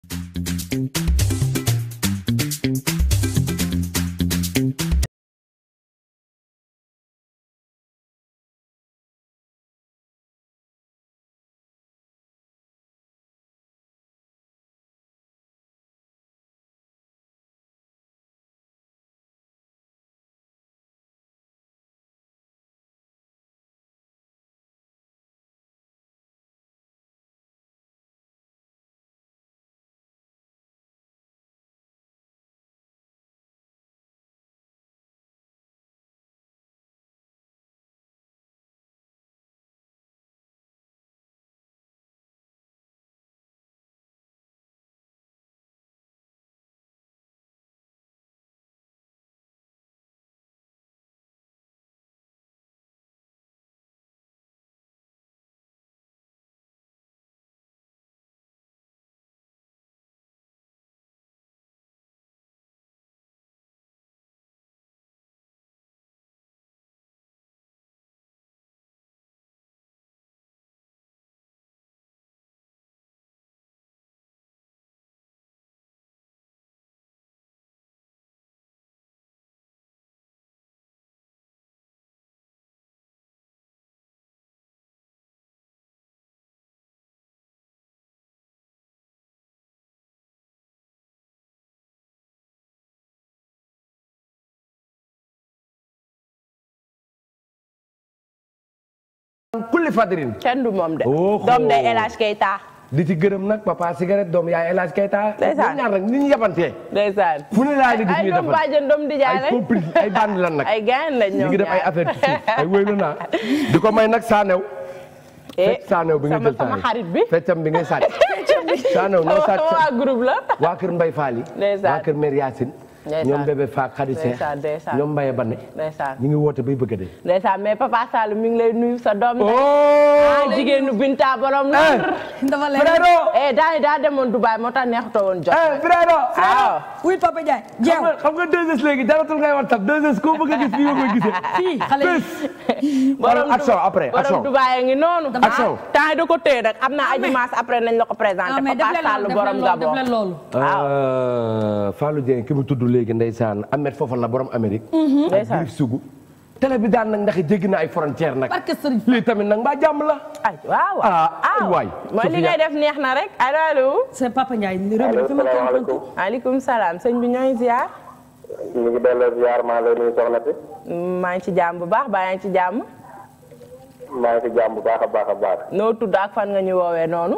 kulli fadrin kenn du moom de. doom de di ci gërëm nag papa cigarette doom yaay El Hadj Keita. ndeysaan ñaar laa di gis ñuy defar ay doom di jaay ay complice ay band lan nag. [laughs] ay gaañ [laughs] naa di ko may nag saanew. Eh, fekk saanew bi nga jël sama bi ngay sàcc. [laughs] saanew noo waa groupe la. waa kër Mbaye Fall waa kër Mère ñoom bébé faa xarit Seck ñoom Mbaye Bane. ñu ngi woote bay bëgg a dee. mais papa Sall mi ngi lay nuyu sa doom. Oh! ah jigéenu Binta borom nar. Eh, dafa lay eh daa daa Dubaay moo tax neexutoo woon jot. eh Frero. ah oui papa Ndiaye. jeew xam nga 2S war tam 2S koo a gis fii nga koy gisee. [laughs] borom action après action borom Dubaay ngi noonu. action ah, temps ah, nañ la ko présenté. Ah, papa Sall léegi ndeysaan Ahmed foofa la borom Amérique. Mhm. ndeysaan sugu. télé bi daan nag ndax jéggi na ay frontière nag. parce que lii tamit nag mbaa jàmm la. ay waaw ah mooy li ngay def neex na rek allo. se Papa Ndiaye ñu rëbbi fi ma tontu. maaleykum salaam sëñ bi ñooy ziar. ñu la delloo ziar maa ngi lay nuyu soxna si. maa ngi ci jaam bu baax baa ngi ci jaam maa ngi ci jàmm bu baax a baax a baax. noo tudd ak fan nga ñu woowee noonu.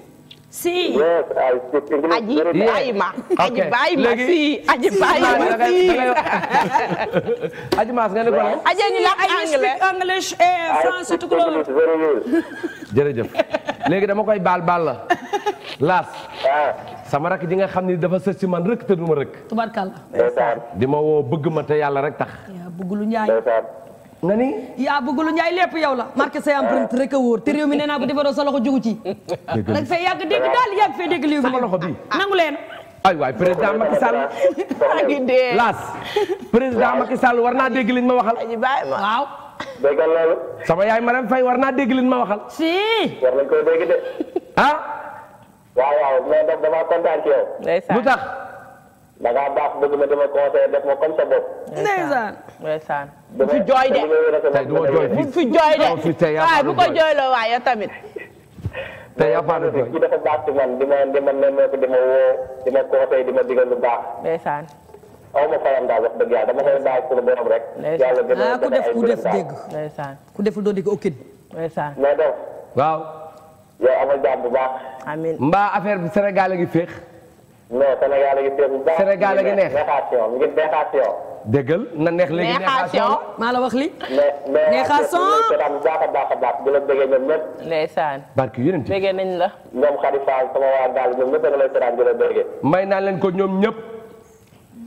si. yes I speak English. aji bàyyi ma aji bàyyi ma si aji bàyyi ma si. la léegi dama koy baal baal la laas. Ah. sama rakk ji nga xam ni dafa sës ci man rëkk te ma rëkk. tubarkalla. di ma woo bëgg ma yàlla rek tax. bëgg nga yaa bëgg lu ñaay lépp yow la marqué say empreinte rek a wóor te réew mi nee naa di defaroo sa loxo jugu ci dag fee yàgg dégg daal yàgg fee dégg léegi sama loxo bi nangu leen ay waay président Macky Sall [laughs] maa ngi dee laas président Macky war naa dégg liñ ma waxal waaw déggal loolu sama yaay Marème Faye war naa dégg liñ ma waxal si war nañ ko dégg de ah ci yow lu da ngaa baax bëgg ma dama conseillé def ma comme sa bopp. ndeysaan ndeysaan. bu fi jooy de bu fi jooy de waaye bu ko jooyloo waaye tamit. te yaa faa doon jooy dafa baax ci man di ma di ma nemmeeku di ma woo di ma conseillé di ma digal lu baax. ndeysaan. aw ma fayam daal wax dëgg yàlla dama koy bàyyi pour borom rek. yàlla gën a ah, ku def ku def dégg. ndeysaan ku deful doo dégg okkin. ndeysaan mais donc. waaw. yow amal jàmm bu baax. amiin mbaa affaire bi Sénégal a ngi féex. mais Sénégal a ngi seet bu baax. Sénégal a ngi neex neexation mi ngi neexation. déggal na neex léegi neexation maa la wax li neexation mais baax a baax a baax di la bëggee ñoom ñëpp. ndeysaan. barke yonent bëggee nañ la. ñoom xarifa sama waa gaal ñoom ñëpp da nga lay seetaan di la bëggee. may naa leen ko ñoom ñëpp.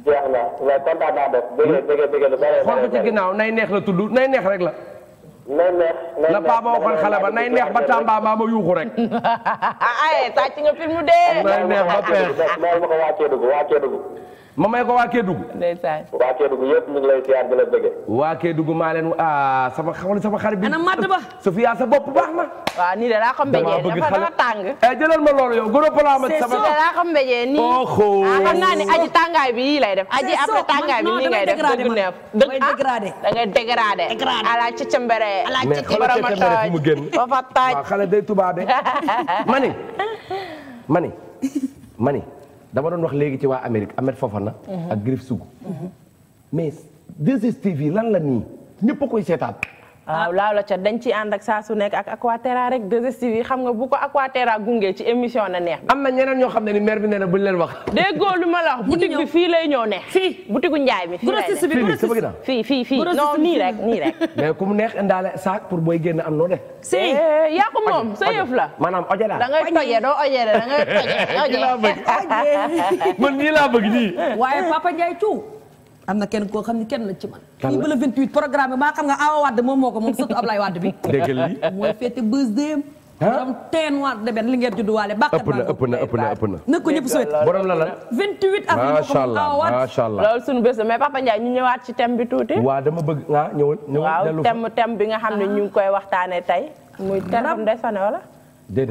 jeex na mais kontaan naa def. bëggee bëggee bëggee lu bari. xool ko ci ginnaaw nay neex la tudd nay neex rek la. nay neex nay neex la paa ma waxoon xale ba nay neex ba Tamba maa ma yuuxu rek. ay [laughs] ah, ah, eh, sàcc nga film dee. nay neex ba peex. ma may ko waa Kédougou. ndeysaan. waa Kédougou yëpp la bëgge. waa Kédougou maa leen ah sama xamal sama xarit bi. ana matt ba. Sofia sa bopp baax na. waaw nii de laa xam mbéjee dafa dafa tàng. Eh, ma loolu yow gros nii. oh ah xam aji tàngaay bi yii lay def. aji après tàngaay bi nii ngay def dëgg neef. dëgg ah da ngay dégradé. dégradé ala cëcëmbere. ala mu génn. foofa taaj waaw xale tubaabe [laughs] mani mani mani dama doon wax léegi ci waa Amérique Ahmed Fofana. ak Griff Sougou. Mhm. mais 2STV lan la nii ñëpp a koy seetaat. waaw ah, ah. laaw la ca dañ ci ànd ak saa su nekk ak Aquaterra rek 2STV xam nga bu ko Aquaterra gungee ci émission na neex bi. am na ñeneen ñoo xam ne ni maire bi nee na buñ leen wax. ma la wax [laughs] boutique bi fii lay ñëw neex. fii boutique Njaay bi. grossiste bi fii fii fii non nii rek nii rek. [laughs] mu neex indaale saak pour booy génn am loo def. si eh. yaa ko moom sa yëf la. maanaam oje la da ngay tojee doo oje de da ngay [laughs] tojee. man nii laa bëgg nii. waaye Papa Ndiaye am na kenn koo xam ne kenn la ci man kii programme maa xam nga Awa Wade moom moo ko moom surtout Ablaye Wade bi [laughs] dégg li mooy fête deuxième ah? borom teen waar de benn li ngeen judduwaale bàqat ëpp na ëpp na ëpp na ëpp na na ko ñëpp souhaité borom la lan 28 avril macha allah macha allah ñu ñëwaat ci thème bi tuuti waaw dama bëgg ah ñëwal ñëwal waaw thème thème bi nga xam ne ñu ngi koy waxtaane tey muy thème ndeysaan wala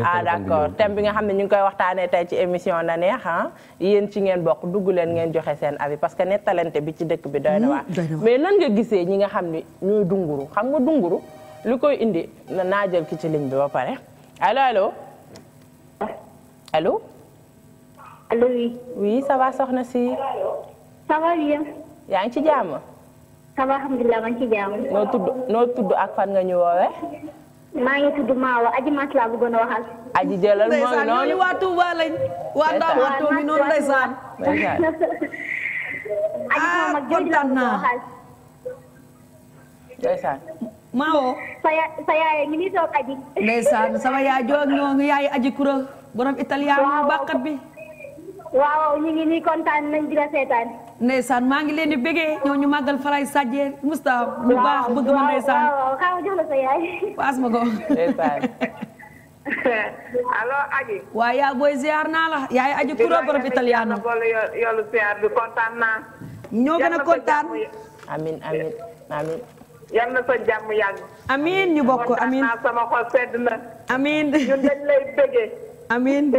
ah d'accord thème bi nga xam ne ñu ngi koy waxtaanee tey ci émission na neex ah yéen ci ngeen bokk dugg leen ngeen joxe seen avis parce que nettalante bi ci dëkk bi doy na hmm, waar mais lan nga gisee ñi nga xam ni ñooy dunguru xam nga dunguru lu koy indi na naa jël ki ci liñ bi ba pare allo allo allo allo oui. oui soxna si. ça va bien. yaa ngi ci jàmm. ça va alhamdulilah maa noo tudd noo tudd ak fan nga ñu woowee. maa ngi tudd Mawa aji Mas laa bëggoon a waxal. aji jëlal mooy noonu waa Touba lañ. waa Ndao waa Touba noonu ndeysaan. ah kontaan naa. ndeysaan. Mawo. sa yaay ngi ni toog aji. ndeysaan sama yaay joog ñoo ngi yaay aji kura borom italien bàkkat bi. waaw ñu ngi nii kontaan nañ di seetaan. ndeysaan maa ngi leen di bégee ñu màggal faray Sadje Moustapha bu baax bëgg ma ndeysaan waaw jox sa yaay paas ma ko [laughs] allo aji waaw naa la yaay aji kuro borom italiano bi kontaan naa ñoo gën a kontaan amin amin na sa jàmm yàgg amin ñu bokk amin amin amin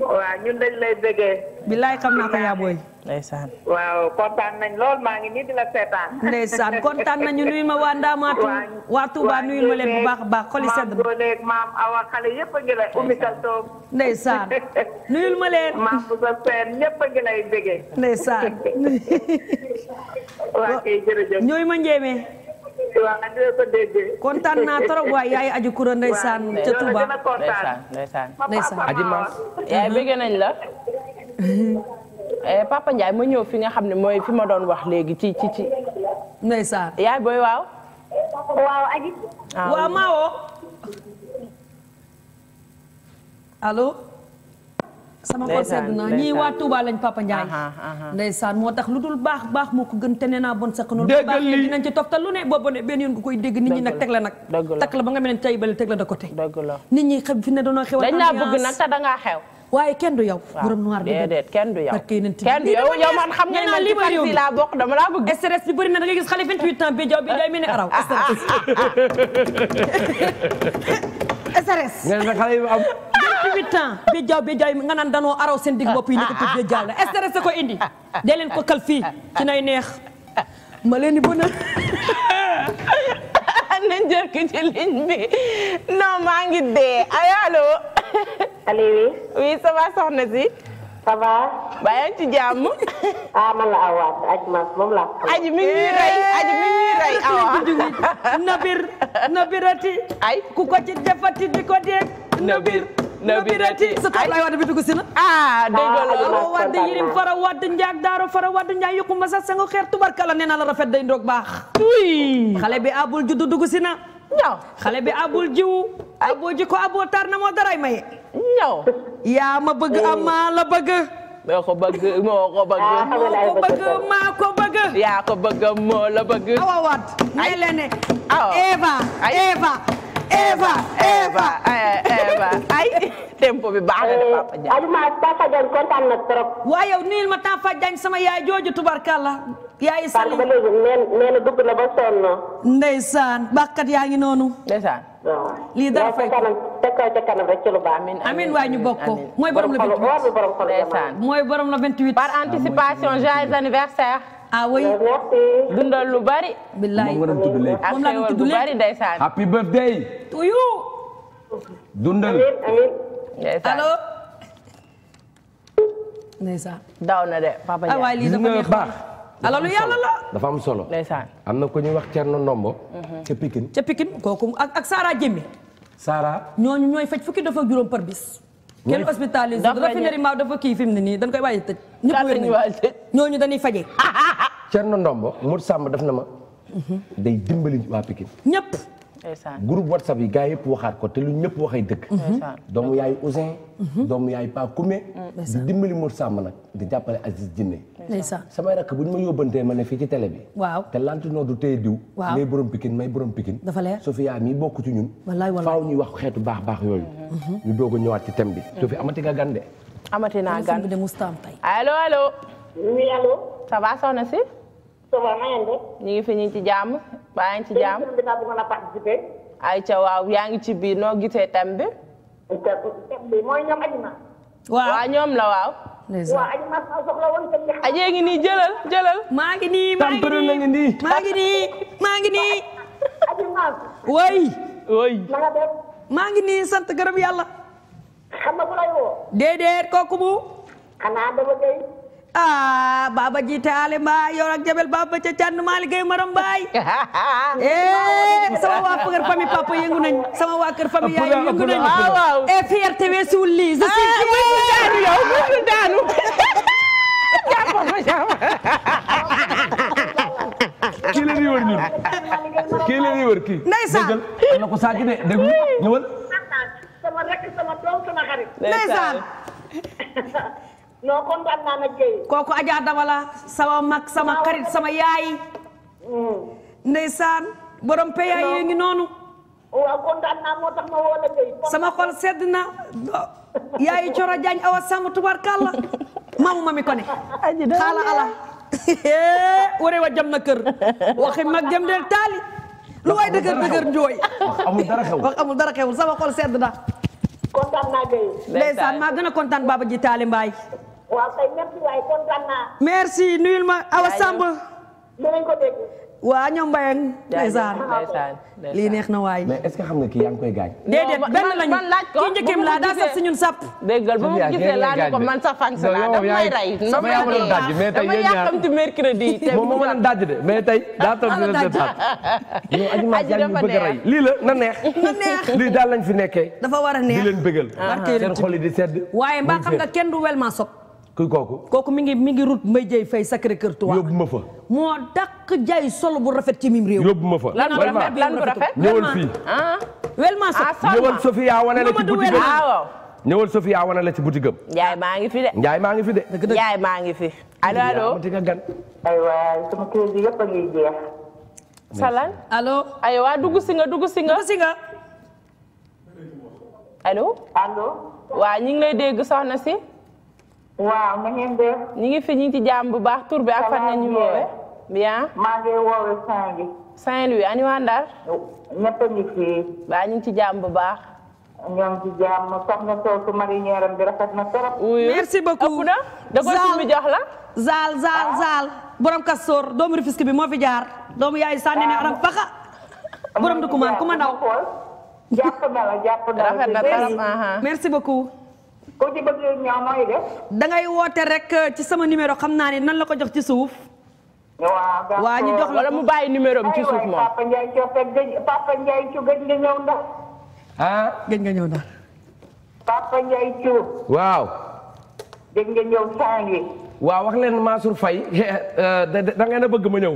waaw ñun dañ lay bëggee. billaay xam naa ko yaa booy. ndeysaan waaw kontaan nañ lool maa ngi nii di la seetaan. ndeysaan kontaan nañu nuyu ma waa Ndaamaatu. waa Touba nuyu ma leen bu baax a baax xoli sedd. maam Dole maam Awa xale yëpp a ngi lay umi kaltoom. ndeysaan nuyul ma leen. [laughs] maam bu sa seen a ngi lay bëggee. ndeysaan. [laughs] waa kay jërëjëf ñooy ma njéemee. kontaan naa trop waay yaay aju kura ndeysaan ca Touba ndeysaan ndeysaan aji ma yaay eh, mhm. bëgg nañ la [laughs] eh, Papa Ndiaye ma ñëw fi nga xam ne mooy fi ma doon wax léegi ci ci ci ndeysaan yaay booy waaw waaw aji ah, waaw sama xol sedd na ñii waa Touba lañ Papa Ndiaye ndeysaan moo tax lu dul baax baax moo ko gën te naa bon sakkanul baax dinañ ci toftal lu ne boobu ne benn yoon nga koy dégg nit ñi nag teg la nag takk la ba nga mel ne tey bale teg la da ne dañoo xew dañ laa bëgg xew waaye kenn du yow borom noir déedéet kenn du yow kenn du yow xam nga man ci parti na da nga gis xale 28 ans bi jaw bi jaay SRS. nga ne xale yi am. huit ans nga naan danoo araw seen digg bopp yi nekkatu béjjaaw la SRS ko indi dee leen ko kal ci nay neex ma leen di [laughs] ki ci ligne bi non dee ay allo. allo oui. soxna si. ça va. ba yaa ngi ci jàmm. [laughs] ah man la awaat aji ma moom la. nabir nabirati. ay ku ko ci defati di ko dégg. nabir nabirati. sa tool laay wax dëgg dugg si na. ah dégg nga ah, yirim fara wadd njaag daaro fara wadd njaag yokku masa sango xeer tubarkala nee na la rafet day ndoog baax. tuy xale bi abul juddu dugg ñaw xale bi abul jiwu aboo ji ko aboo tar na moo daray maye yaa ma bëgg oh. a la bëgg moo ko bëgg a ko bëgg ah, moo ko bëgg maa ko bëgg yaa ko bëgg ne Eva Eva Eva Eva ay tempo bi baax na de Papa Diagne. Eh, Aliouma Tafa Diagne kontaan na trop. waaye yow nuyul ma Tafa Diagne sama yaay jooju tubarkalla. yaay Sali ba léegi nee na dugg na ba sonn. ndeysaan bàkkat yaa ngi noonu. ndeysaan. lii dara fay amiin amiin waay ñu bokk ko mooy borom la 28 mooy borom la 28. par anticipation joyeux anniversaire. ah oui dundal lu bari. billaay moom la ñu tudd léegi moom happy birthday. to dundal. allo. ndeysaan. daaw na de papa Ndiaye. aywa lii dafa neex am solo. ndeysaan am na ku ñuy wax Thierno Ndombo. Mhm. ca Pikine ca Pikine kooku ak ak Sara Jemmi. ñooñu ñooy faj fukki dafa juróom par bis. kenn hospitalisé raffinerie Mbao dafa kii fi mu ne nii dañ koy te tëj ñëpp wér nañ ñooñu dañuy faje Cerno [laughs] Ndombo Mour Samb def na ma mhm. day dimbali waa Pikine ñëpp group whatsapp yi gars yëpp waxaat ko te lu ñëpp waxay dëkk doomu yaay Ousin mhm. doomu yaay Pa Koumé di dimbali Mor Samb di jàppale Aziz Dine samay rakk bu ñu ma yóbbantee ma ne fii ci tele bi waaw te lantinoo du téye diw may borom Pikine may borom Pikine dafa leer Sofia mii bokk ci ñun faaw ñu wax xeetu baax baax yooyu mhm. ñu doog a ñëwaat ci thème bi mhm. Sophie amati nga gan de amati naa gan allo allo oui allo ça va na si ça va ngi fi ñu ngi ci jàmm baa ngi ci jàmm émission bi laa bëggoon a participer. ayca yaa ngi ci biir noo gisee thème bi. thème bi ñoom la waaw. waa Adima ajee ngi nii jëlal jëlal. maa ngi nii maa ngi nii ngi maa ngi nii maa ngi nii. sant gërëm yàlla. ah baba jiitaale mbaa yow ak jabel baba ca cann maali gay maram mbaay [laughs] eh sama waa kër famille papa yëngu nañ sama waa kër famille yaay yëngu nañ ah, et eh, fierté weesuwul lii je suis ah, daanu yow bu daanu kii la ñuy wër ñun kii la ñuy wër kii non kontaan naa nag Dabala sama mag sama xarit sama yaay. Mm. ndeysaan borom peya yi ngi noonu. naa moo tax ma woo sama xol sedd na. yaayi Coro Diagne awa Samb tubarkalla maamu ma mi ko ne. xaala ala. waree wa jam na kër waxi mag jëm del taali. lu waay dëgër dëgër njooy. wax amul dara xewul sama xol sedd na. kontaan naa maa gën a kontaan Baba ji Taali Mbaay. waaw kay merci waay ma Awa Samb. dinañ ko dégg. waa ñoom Mbayang. ndeysaan lii neex na waay. mais est-ce que koy gaañ. déedéet benn lañu kii njëkkeem laa daa sax si ñun sap. déggal ba mu gisee laa ne ko man sa fan si laa daf may rey. sama yaa ma doon daj mais tey yéen ñaar dama mercredi. [laughs] moom ma daj mais tey [laughs] daa toog di leen a rey lii la na neex. [laughs] na neex lii daal lañ fi nekkee. dafa war a neex leen bëggal. seen xol waaye mbaa kenn du wel kooku kooku mi ngi mi ngi route Mbaye Dieye Faye Sacré Cœur ma fa moo dàq jaay solo bu rafet ci mim réew yóbbu ma fa lan bu rafet lan bu rafet ñëwal fii ah. welma ah, so ñëwal Sofia wane la ci boutique ah, Sofia wane la ci boutique am Njaay maa ngi fi de Njaay maa ngi fi de Njaay maa ngi fi allo allo ma tinga gan ay waay sama crédit yëpp a ngi jeex salan ay waa dugg si nga dugg si nga si nga ñu ngi lay dégg soxna si waaw na ngeen def. ngi fi ñu ngi ci jàmm bu baax tur bi ak fan la ñu woowee. bien. maa ngi woowee Saint-Louis. Saint-Louis ani waa Ndar. ñëpp ngi fi. waa ñu ngi ci jàmm bu baax. ñoom ci jàmm soxna bi rafet na trop. merci beaucoup ëpp na da ko summi jox la. zaal zaal ah. zaal. borom kastoor doomu Rufisque bi moo fi jaar. doomu yaay sànni ne ah. aram faxa. borom du kumaan kuma ndaw. na la jàpp na la rafet na trop merci beaucoup. ko ci bëggee ñaaw nooy def. rek euh, ci sama numéro xam naa ni nan la ko jox ci suuf. waa bàyyi numéro am ci suuf moom. Papa Ndiaye Coppe gëj Papa Ndiaye nga ñëw ndax. Ah? waaw. waaw wax leen Mansour Faye [laughs] euh, da ngeen bëgg ma ñëw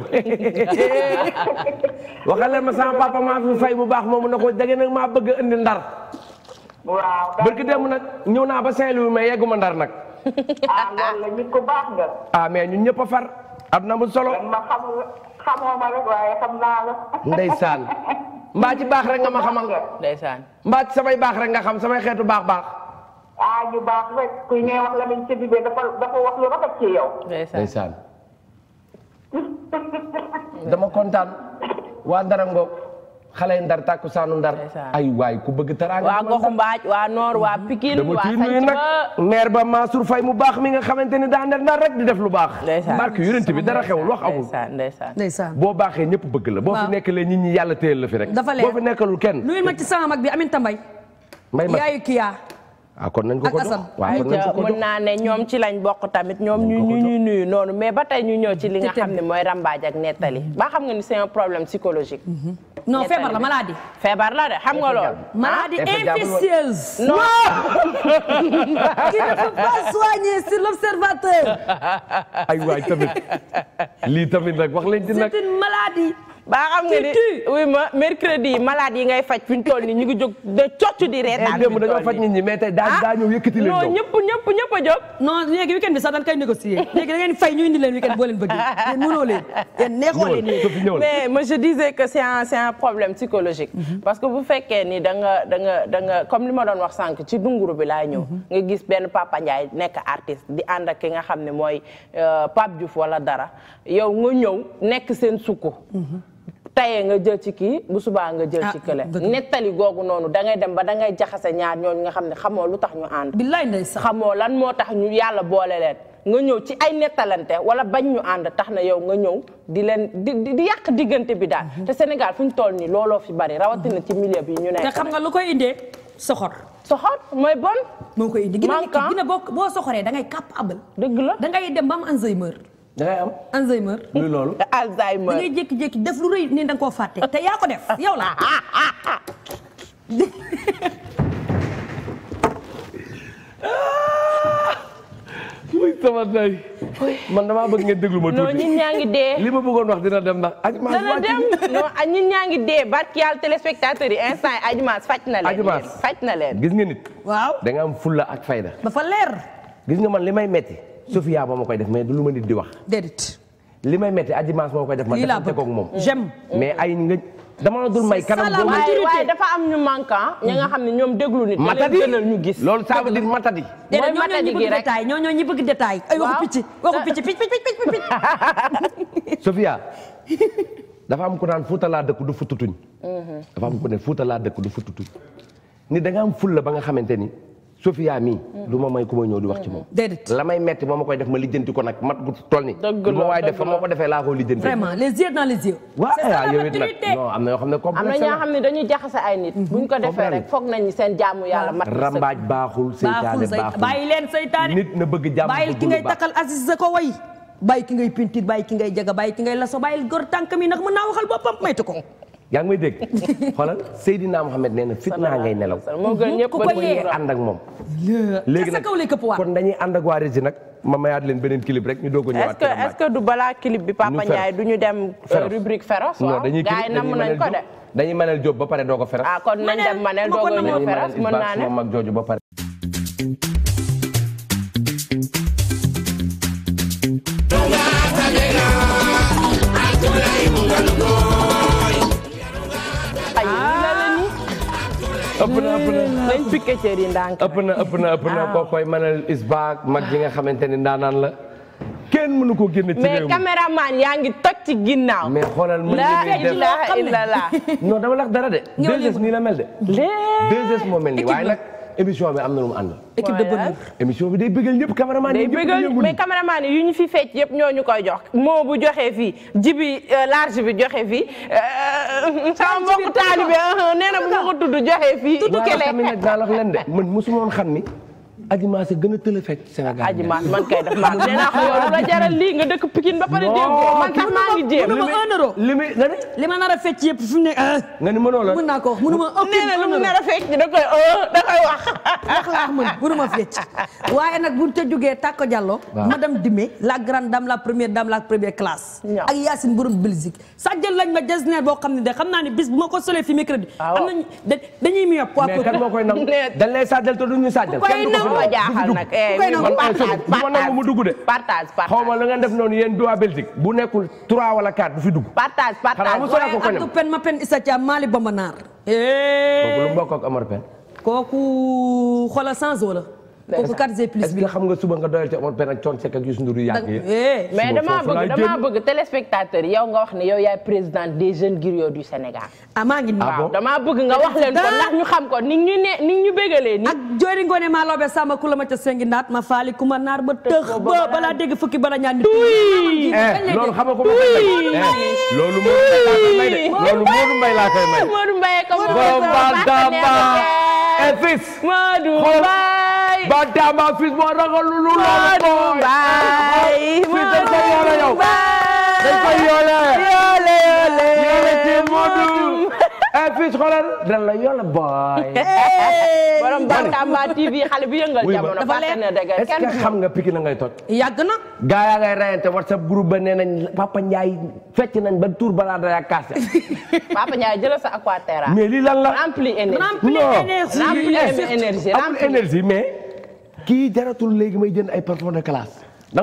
[laughs] waxal leen ma sama papa Mansour Faye bu baax moomu na ko da ngeen a maa bëgg indi ndar. waaw barki démb nag ñëw naa ba Saint-Louis mais yegguma ndar nag. [laughs] ah loolu la nit ku nga. ah mais ñun ñëpp a far. am na mu solo ma xamul xamoo ma rek waaye xam naa la. [laughs] ndeysaan mbaa baax rek nga ma xamal. ndeysaan ci samay baax rek nga xam samay xeetu baax baax. ah ñu baax rek kuy ngay wax la ñu ci biir dafa dafa wax lu rafet ci yow. ndeysaan dama kontaan waa Ndara Ngop. xale ndar tàkku saanu ndar ay waay ku bëgg teraanga waa goxu mbaaj waa noor waa mm-hmm. pikin dama ciy nuyu nag ba Mansour Faye baax mi nga xamante ni daa ndar ndar rek di def lu baax barke yonent bi dara xewul wax amul ndeysaan boo baaxee ñëpp bëgg la boo fi nekk lee nit ñi yàlla téyel la fi rek boo fi nekkalul kenn nuyul ma ci sama mag bi Aminata Mbaye yaayu Kia ah nañ ko ko dox waaw naa ne ñoom ci lañ bokk tamit ñoom ñu ñu nuyu noonu mais ba tey ñu ñëw ci li nga xam ne mooy rambaaj ak nettali baa xam nga ni c'est un problème psychologique. Mhm. non feebar la maladie. feebar la de xam nga loolu. maladie infectieuse. non qui ne peut pas soigner sur l'observateur. ay waay tamit lii tamit nag wax leen ci baa xam nga ni oui ma mercredi yi ngay faj fu ñu toll nii ñu ngi jog de cocc di reetaan eh, démb dañoo faj nit ñi tey daa ah? daa ñëw yëkkati leen non ñëpp ñëpp ñëpp a jóg non léegi weekend bi sax ñu indi leen weekend boo leen bëggee [laughs] yéen mënoo leen yéen neexoo leen mais moi je disais que c'est un c'est problème psychologique mhm. parce que bu fekkee ni da nga da nga da comme li ma doon wax sànq ci dunguru bi laa ñëw mhm. nga gis benn Papa Ndiaye nekk artiste di ànd ak ki nga xam ne mooy euh, Pape Diouf wala dara yow nga ñëw nekk seen sukku mhm. tayee nga jël ci kii bu subaa nga jël ah, ci kële nettali googu noonu dangay dem ba da ngay jaxase ñaar ñooñu nga xam ne xamoo lu tax ñu ànd billaay ndeysaan xamoo lan moo tax ñu yàlla boole leen nga ñëw ci ay nettalante wala bañ ñu ànd tax na yow nga ñëw di leen di di yàq diggante bi daal mm-hmm. te Sénégal fu ñu toll nii looloo fi bari rawatina ci milieu bi ñu ne te xam nga lu koy indee soxor soxor mooy bon moo koy indi gina boo soxoree da ngay capable dëgg la da dem ba am Alzheimer da ngay am Alzheimer. [laughs] luy loolu. Alzheimer lu rëy ni da nga koo fàtte te yaa ko def [laughs] yow la. [laughs] muy sama tay man damaa bëgg ngeen déglu ma tuuti. non ñun ñaa ngi dee. li ma bëggoon wax dina dem ndax. Adjumas dina dem non ah, ñun ñaa ngi dee barki yàlla téléspectateur yi instant yi Adjumas faj na leen. Adjumas na leen. gis nga nit. waaw da am fulla ak fayda. dafa leer. gis nga man li may metti Sofia ba ma koy def mais du lu ma nit di wax. déedéet. li may metti Adji Mass moo koy def. lii laa bëgg ma defante moom. j'aime mais ay nga. dama la dul may kanam góor waaye dafa am nu manquant ñi nga xam ne ñoom déglu nit matadi gënal ñu gis loolu ça veut dire matadi ñoo ñoo ñi bëgg détail ay waxu picc waxu picc picc picc picc picc [laughs] Sophia dafa am ku naan Fuuta laa dëkk du fututuñ mhm. dafa am ne Fuuta laa dëkk du ni da fulla ba nga xamante ni Sofia mii mm. du ma may ku ma ñëw di wax ci moom déedéet la may metti moo a koy def ma lijjanti ko nag mat gu toll ni lu ma waaye def fa ma defee laa ko lijjanti ah, mhm. ko defee rek ki ngay takkal Aziz ki ngay pintir bàyyi ki ngay laso bàyyi góor tànk mi nag mën naa waxal boppam maytu ko yaa ngi may dégg xoolal Seydina Mohamed nee na fitna ngay nelaw. ku ko yee ànd ak moom. léegi nag kon dañuy ànd ak waa Régis nag ma mayaat leen beneen clip rek ñu doog a ñëwaat. est-ce que est-ce que du bi Papa Ndiaye du ñu dem. Euh, rubrique féroce waaw gars yi namm nañ ko de. dañuy manel Diop ba pare doo ko féroce. ah kon nañ dem manel doo ko mën naa ne. ëpp na ëpp na nañ piqué cër yi ndànk ëpp na ëpp na ëpp na kookoy manal is baak mag ji nga xamante ni ndaanaan la kenn mënu ko génn ci réew mi mais caméraman yaa ngi toj ci ginnaaw. mais xoolal mën nañu def la ilaha illallah non dama lax dara de. 2S nii la mel de. 2S moo mel nii waaye nag. émission bi am na lu mu ànd. équipe de bonheur émission bi day bëggal ñëpp cameraman yi. day bëggal mais cameraman yi yu ñu fi fecc yëpp ñoo ñu koy jox. moo bu joxe fii jibi euh, large bi joxe fii. Euh, sama mbokk taalibe euh, nee na bu ma ko tudd joxe fii. tudd kele waaw xam naa leen de xam mi Adji Mass gën a tële fekk Sénégal. Adji Mass man kay def man nee naa ko yow la jaral lii nga dëkk Pikine ba pare jéem ko man tax maa ngi jéem mënuma un euro li mi nga ne li ma nar a fecc yëpp fi mu ne ah. nga ni mënoo la mën naa ko wax mënuma ëpp nee na lu mu nar a fecc da koy oh, da koy wax wax laa mën mënuma fecc waaye nag buñ ca jógee Tàkko Diallo madame Dimé la grande dame la première dame la première classe ak Yacine borom Belgique sàjjal lañ ma jasner boo xam ne de xam naa ne bis bu ma ko solee fi mercredi ah, am nañ dañuy mu yopp waa dañ lay sàjjal te duñu sàjjal xaw a jaaxal nag eh, ma dugg de partage partage xaw ma la ngeen def noonu yéen doa Belgique bu nekkul trois wala quatre du fi dugg partage partage waaye Abdou Pen ma pen Issa Thiam Mali Bamba kooku 4G plus bi est-ce que xam nga suba nga doyal ci Omar Pène ak Thione Seck ak Youssou Ndour yu eh, damaa bëgg damaa bëgg nga wax ne yow yaay président des jeunes du Sénégal ah maa ngi ah waaw damaa bëgg nga wax leen ko ndax xam ko ni ñu ne ni ñu bégalee ni ak maa loobe sama ku la ma ca sengi naat ma faali ku naar ba tëx ba balaa dégg fukki bala ñaan ni eh, loolu xam nga ko eh, loolu loolu Modou Mbaye laa koy may Modou Mbaye ko Modou Mbaye ko Modou Mbaye ba dama fils moo ragalu lu loolu mooy bay fils dañ koy yoole yow dañ koy yoole yoole yoole yoole ci Modou eh fils xoolal dañ la yoole boy borom Bantamba TV xale bi yëngal jamono dafa leen est-ce que xam nga piki na ngay toj yàgg na gaa yaa ngay rayante WhatsApp groupe ba nee nañ Papa Ndiaye fecc nañ ba tour balaa daya kaase [laughs] Papa Ndiaye jëlal sa aquaterra mais lii lan la rempli énergie eh, rempli énergie mais kii jaratul léegi may jënd ay parfum de classe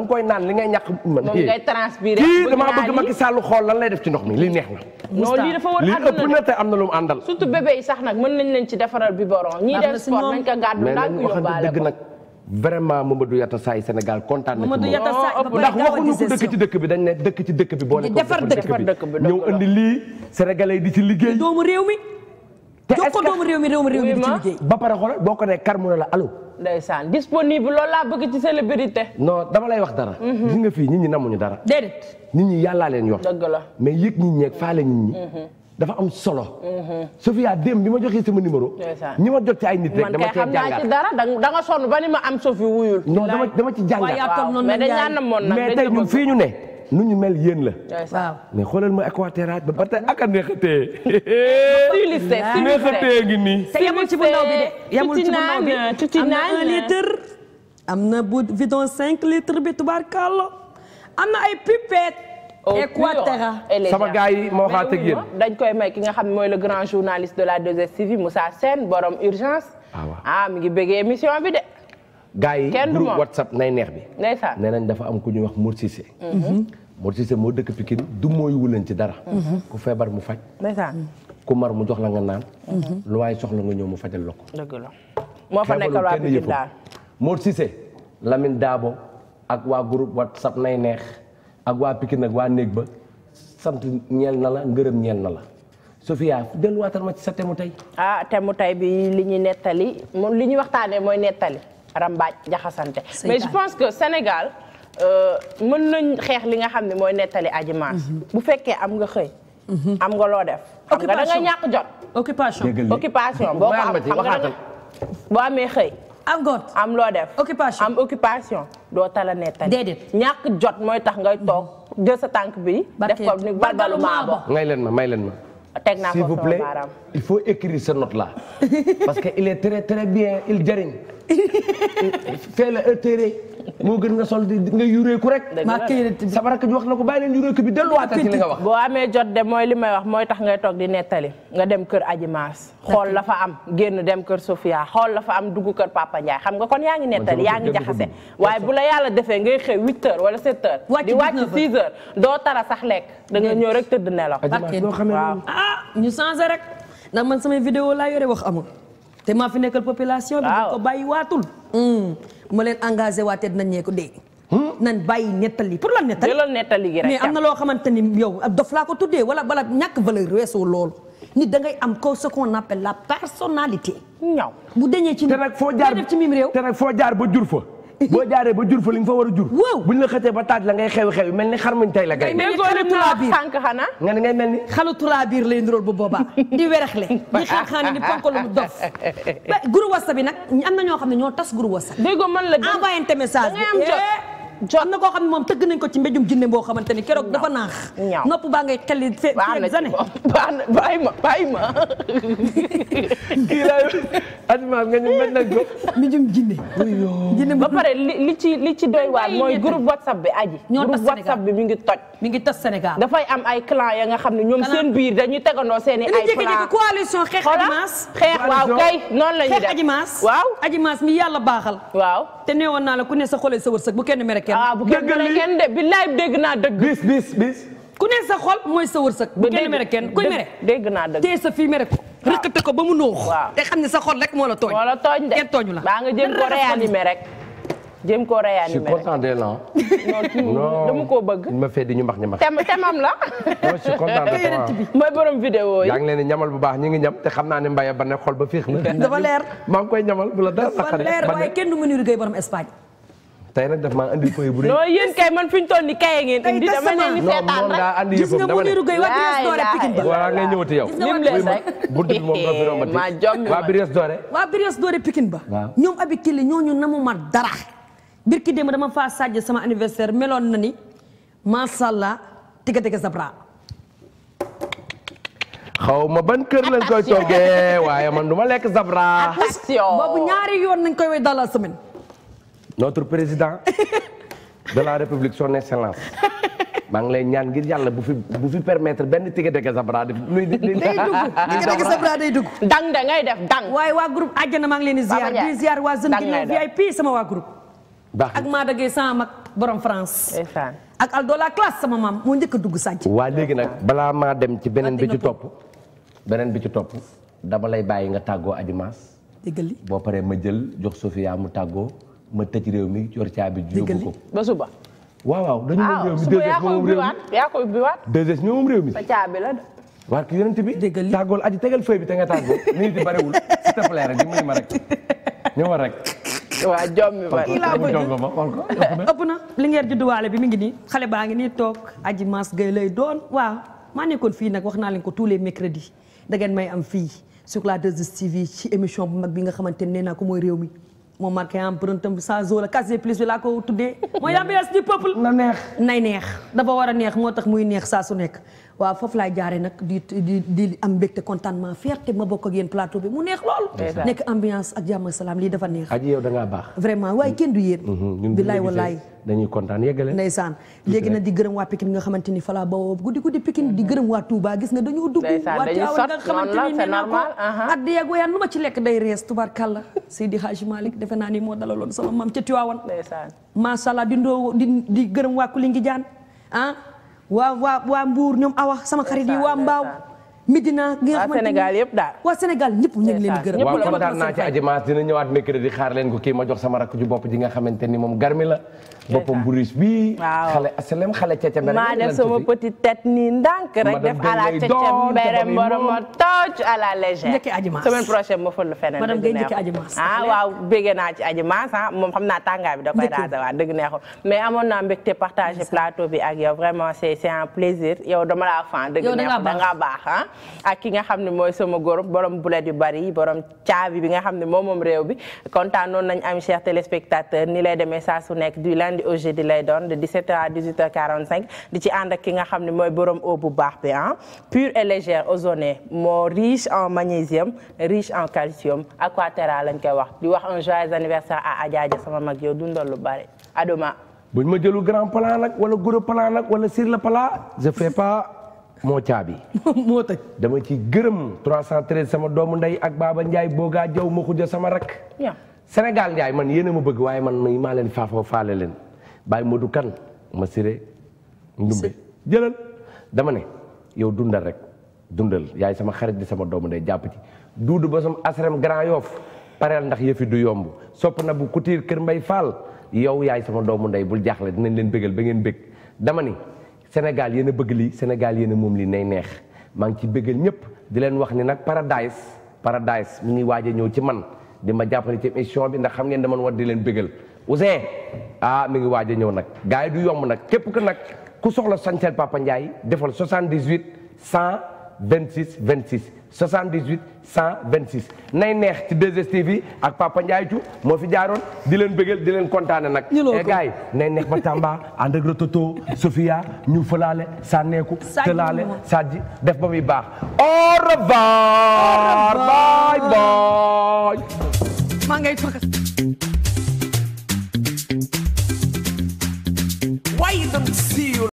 koy naan li ngay ñàkk man moom ngay eh. transpirer kii damaa bëgg Macky Sall xool lan lay def ci ndox mi li neex na non dafa war àdduna ëpp na te am na lu mu àndal surtout bébé yi sax nag mën nañ leen ci defaral biberon ñii def sport nañ ko gàddu ndànk yóbbaale ko nag vraiment Mamadou Yatassaye Sénégal kontaan na ci moom ndax waxuñu ko dëkk ci dëkk bi dañ ne dëkk ci dëkk bi boole ko defar dëkk bi ñëw indi lii sénégalais di ci liggéey doomu réew mi te est doomu réew mi réew mi ba pare xoolal boo ko nee kar mu ne la allo. ndeysaan disponible loolu laa bëgg ci célébrité. non dama lay wax dara. Mhm. gis nga fii nit ñi namuñu dara. déedéet nit ñi yàllaa leen yor. dëgg la mais yëg nit ñeeg faale nit ñi. Mhm. dafa am solo. Mhm. Sofia démb bi ma joxee sama numéro. ñi ma jot ci ay nit rek dama cee jàngat man kay ci dara da nga sonn ba ni ma am Sofia wuyul. non dama ci jàngat waaw mais dañ ñaan moon ñun fii ñu ne. nu ñu mel yéen la. waaw mais xoolal ma Aquaterra ba ba tey ak a neex a téye. neex a téye gi nii. na un litre. cinq litres bi tubaarkàlla na ay pipettes. Aquaterra sama yi moo dañ koy may ki nga xam mooy le grand journaliste de la 2STV Moussa Sène borom urgence. ah, ah mi ngi bëggee émission bi de. gaa yi groupe whatsapp nay neex bi nee nañ dafa am ku ñuy wax Mor Cissé mhm. Mor Cissé moo dëkk Pikine du mooy wuleen ci dara mhm. ku feebar mu faj ku mar mu jox la nga naan mhm. lu waay soxla nga ñëw mu fajal la ko dëgg la moo fa nekkal waa Pikine daal Mor Cissé Lamine Daabo ak waa groupe whatsapp nay neex waa Pikine ak waa néeg ba sant ñeel na la ngërëm ñeel na la Sofia delluwaatal ma ci sa temu tey ah temu tey bi li ñuy nettali moom li ñuy waxtaanee mooy nettali rambaaj jaxasante mais je pense que Sénégal euh, mën nañ xeex li nga xam ne mooy nettali aji maas mhm. bu fekkee am nga xëy mhm. am nga loo def xam nga jot occupation occupation boo ko am boo amee xëy am am loo def occupation am occupation doo tala nettali déedéet ñàkk jot mooy tax ngay toog jël sa tànk bi def ko ni balbalu maa bo may ma may leen ma teg naa ko s'il vous plaît il faut écrire ce note là [laughs] parce que il est très très bien il jëriñ [laughs] fais le étiré. E e. moo gën nga sol di nga yureeku rek. sama rakk ji wax na ko bàyyi leen yureeku bi delluwaatal ci boo amee jot de mooy li may wax mooy tax ngay toog di nettali nga dem kër Aji Maas xool la fa am génn dem kër Sofia xool la fa am dugg kër Papa Ndiaye xam nga kon yaa ngi nettali yaa ngi jaxase waaye bu la yàlla defee ngay xëy 8 heures wala 7 heures. di wàcc 6 heures doo tara sax lekk da nga ñëw rek tëdd nelaw. waaw ah ñu changé rek ndax man samay vidéo laa yore wax amul te maa fi nekkal population bi ko bàyyi ma leen engagé waatee dinañ ñee ko dee. nañ bàyyi nettali pour lan nettali. jëlal nettali gi rek am na loo xamante ni yow dof laa ko tuddee wala wala ñàkk valeur weesoo loolu. nit da ngay am ko ce qu'on appelle la personnalité. ñaw bu deñee ci. te nag foo jaar te nag foo jaar ba jur fa. [laughs] boo jaaree a jur fa li nga fa war a jur. waaw buñ la xëtee ba taaj la ngay xewi xewi mel ni xar muñ tey la. kay mel ni xalu turabiir sànq xanaa. nga ne ngay mel ni. xalu turabiir [laughs] ni ponk mu dof. groupe whatsapp bi nag am na ñoo xam ne ñoo tas groupe whatsapp. déggoo man la envoyé message bi jot na koo xam ne moom tëgg nañ ko ci mbéjum jinne boo xamante ni keroog dafa naax. nopp baa ngay xelli fee fii zane. baax na bàyyi ma bàyyi ma. [laughs] kii laay Adima nga ñu mën na jóg. mbéjum jinne. jinne ba pare li ci li ci doy waar mooy groupe WhatsApp bi aji. ñoo tas Sénégal groupe WhatsApp bi mi ngi toj. mi ngi tas Sénégal. dafay am ay clan ya nga xam ne ñoom seen biir dañuy tegandoo seen i ay plan. coalition xeex ajimaas. xeex waaw kay noonu la ñuy def xeex ajimaas. waaw ajimaas mi yàlla baaxal. waaw te neewoon naa la ku ne sa xoolee sa wërsëg bu kenn mere kenn kenn. ah bu kenn mere kenn de billaay dégg naa dëgg. bis bis bis. ku ne sa xol mooy sa wërsëg. bu kenn mere kenn kuy mere. dégg naa dëgg tey sa fii mere ko. rëkkate ko ba mu noox. waaw te xam ne sa xol rek moo la tooñ. moo la tooñ de kenn tooñu la. baa nga jëm ko réanimer rek. jëm ko réanimer rek je suis content d'elle [laughs] non kii dama koo bëgg. ma fee di ñu max ñu max. tem temam la. non je suis content de toi mooy borom vidéo yi. yaa ngi leen di ñamal bu baax ñi ngi ñam te xam naa ne Mbaye ba ne xol ba fiix na. dafa leer maa ngi koy ñamal bu la dara. dafa leer waaye kenn du Mounirou Gueye borom Espagne. tey nag daf maa andi koy bu dee. non yéen kay man fi ñu toll nii kaye ngeen indi dama leen di seetaan rek daa andi yëppam dama ne gis nga Mounirou Gueye waa Bires Doré Pikine ba. waaw ngay ñëwati yow. lim leen rek buntu bi moom ba. ñoom abi kili ñooñu namu ma dara. bir ki démb dama faa sàjj sama anniversaire meloon na ni macha allah tiga tiga ma ban kër lañ koy toggee waaye man du ma lekk sabra. boobu ñaari yoon nañ koy way dans la semaine. notre président de la république son excellence maa ngi lay ñaan ngir yàlla bu fi bu permettre benn tigga dëgg sabra def luy day dugg tigga dëgg sabra day dugg dang ngay def dang waaye waa groupe àjjana na ngi leen di waa jeune VIP sama waa groupe ak maa dagee sama mag borom France ak Aldo la classe sama maam moo njëkk a dugg sàcc waa léegi nag balaa maa dem ci beneen bi ci topp beneen bi ci topp lay bàyyi nga tàggoo Adimaas déggal boo paree ma jël jox Sofia mu tàggoo ma tëj réew mi yor caabi yóbbu ko ba suba waaw waaw dañu ah, moom réew mi yaa ko ubbiwaat yaa ko ubbiwaat deuxième mi moom réew mi sa caabi la waa ki yonent bi bi te nga tàggoo [laughs] nii di bariwul s'il rek waa jom mi bari laa bëgg ëpp na li ngeen judduwaale bi mi ngi nii xale baa ngi nii toog aji mas gay doon waaw maa nekkoon fii nag wax naa leen ko tous les mercredis da ngeen may am fii sur la 2STV ci émission bu mag bi nga xamante ne naa ko mooy réew mi moo marqué empreinte am saa zoo la casier plus bi laa ko tuddee. mooy ambiance du peuple. na neex nay neex. dafa war a neex moo tax muy neex saa su nekk. waaw foofu laay jaare nag di di di am mbégte contentement fierté ma bokk ak yéen plateau bi mu neex lool nekk ambiance ak jàmm salaam lii dafa neex aji yow da ngaa baax vraiment waaye kenn du yéen mm-hmm. bilaay walaay dañuy kontaan yeggale ndeysaan léegi nag di gërëm waa nga xamante ni falaa ba guddi guddi Pikine di gërëm waa Touba gis nga dañoo dugg waa Tiwaawan ni nee addi yeegu yaan lu ma ci lekk day rees tubaarkàlla Seydi Hadji Malick defe naa ni moo dalaloon sama mam ca Tiwaawan maasàllaa di ndoo di di gërëm waa Kulingi Jaan ah waa waa waa Mbour ñoom awa sama xarit yi waa Mbaaw Medina nga xamante ni Sénégal yëpp daal waa Sénégal ñëpp ñu ngi leen di gërëm waaw kontaan naa ci Adjemaas dina ñëwaat mercredi xaar leen ko kii ma jox sama rakk ju bopp ji nga xamante ni moom garmi la boppam bu riche bi xale asalem xale cece mbere maa def sama petite tête nii ndànk rek def à la cece mbere mboroma tooc à la légère njëkk Adjemaas semaine prochaine ma fël feneen madame ngay njëkk Adjemaas ah waaw béggee naa ci Adjemaas ah moom xam naa tàngaay bi da koy raser waa dëgg neexul mais amoon naa mbégte partagé plateau bi ak yow vraiment c'est c'est un plaisir yow dama laa fan dëgg neexul da nga baax ah ak ki nga xam ne mooy sama góoram borom bulet yu bari borom caabi bi nga xam ne moom moom réew bi kontaanoon nañ am chers téléspectateurs ni lay demee saa su nekk du lundi au jeudi lay doon de 17h à 18 h di ci ànd ki nga xam ne mooy borom eau bu baax bi ah pure et légère ozonée moo riche en magnésium riche en calcium aquaterra lañ koy wax di wax un joyeux anniversaire à Adja Adja sama mag yow dundal lu bari adoma buñ ma jëlu grand plan nag wala gros plan moo caabi. [laughs] moo tëj dama ci gërëm 313 sama doomu ndey ak Baba Ndiaye Boga Jaw ma xuja sama rak. Sénégal Ndiaye man yéen ma bëgg waaye man mii maa leen faafoo faale leen Baye Modou kan ma siré ndumbe jëlal dama ne yow dundal rek dundal yaay sama xarit di sama doomu nday jàpp ci duudu ba sama asrem Grand Yoff pareel ndax yëfi du yomb sopp na bu kutiir Kër Mbay Fall yow yaay sama doomu ndey bul jaaxle dinañ leen bëggal ba ngeen bëgg dama Sénégal yéen a bëgg lii Sénégal yéen a moom lii nay neex maa ngi ci bëggal ñëpp di leen wax ni nag paradise paradise mi ngi waaj a ñëw ci man di ma jàppale ci émission bi ndax xam ngeen dama war di leen bëggal Ouzin ah mi ngi waaj a ñëw nag gars yi du yomb nag képp ku nag ku soxla sañseel Papa Ndiaye defal 78 126 26. 78 126 nay neex ci 2STV ak Papa Ndiaye Thiou moo fi jaaroon di leen bëggal di leen kontaane nag e gars yi nay neex ba Tamba ànd ak rototo Sofia ñu falaale sànneeku sa sadji def ba muy baax au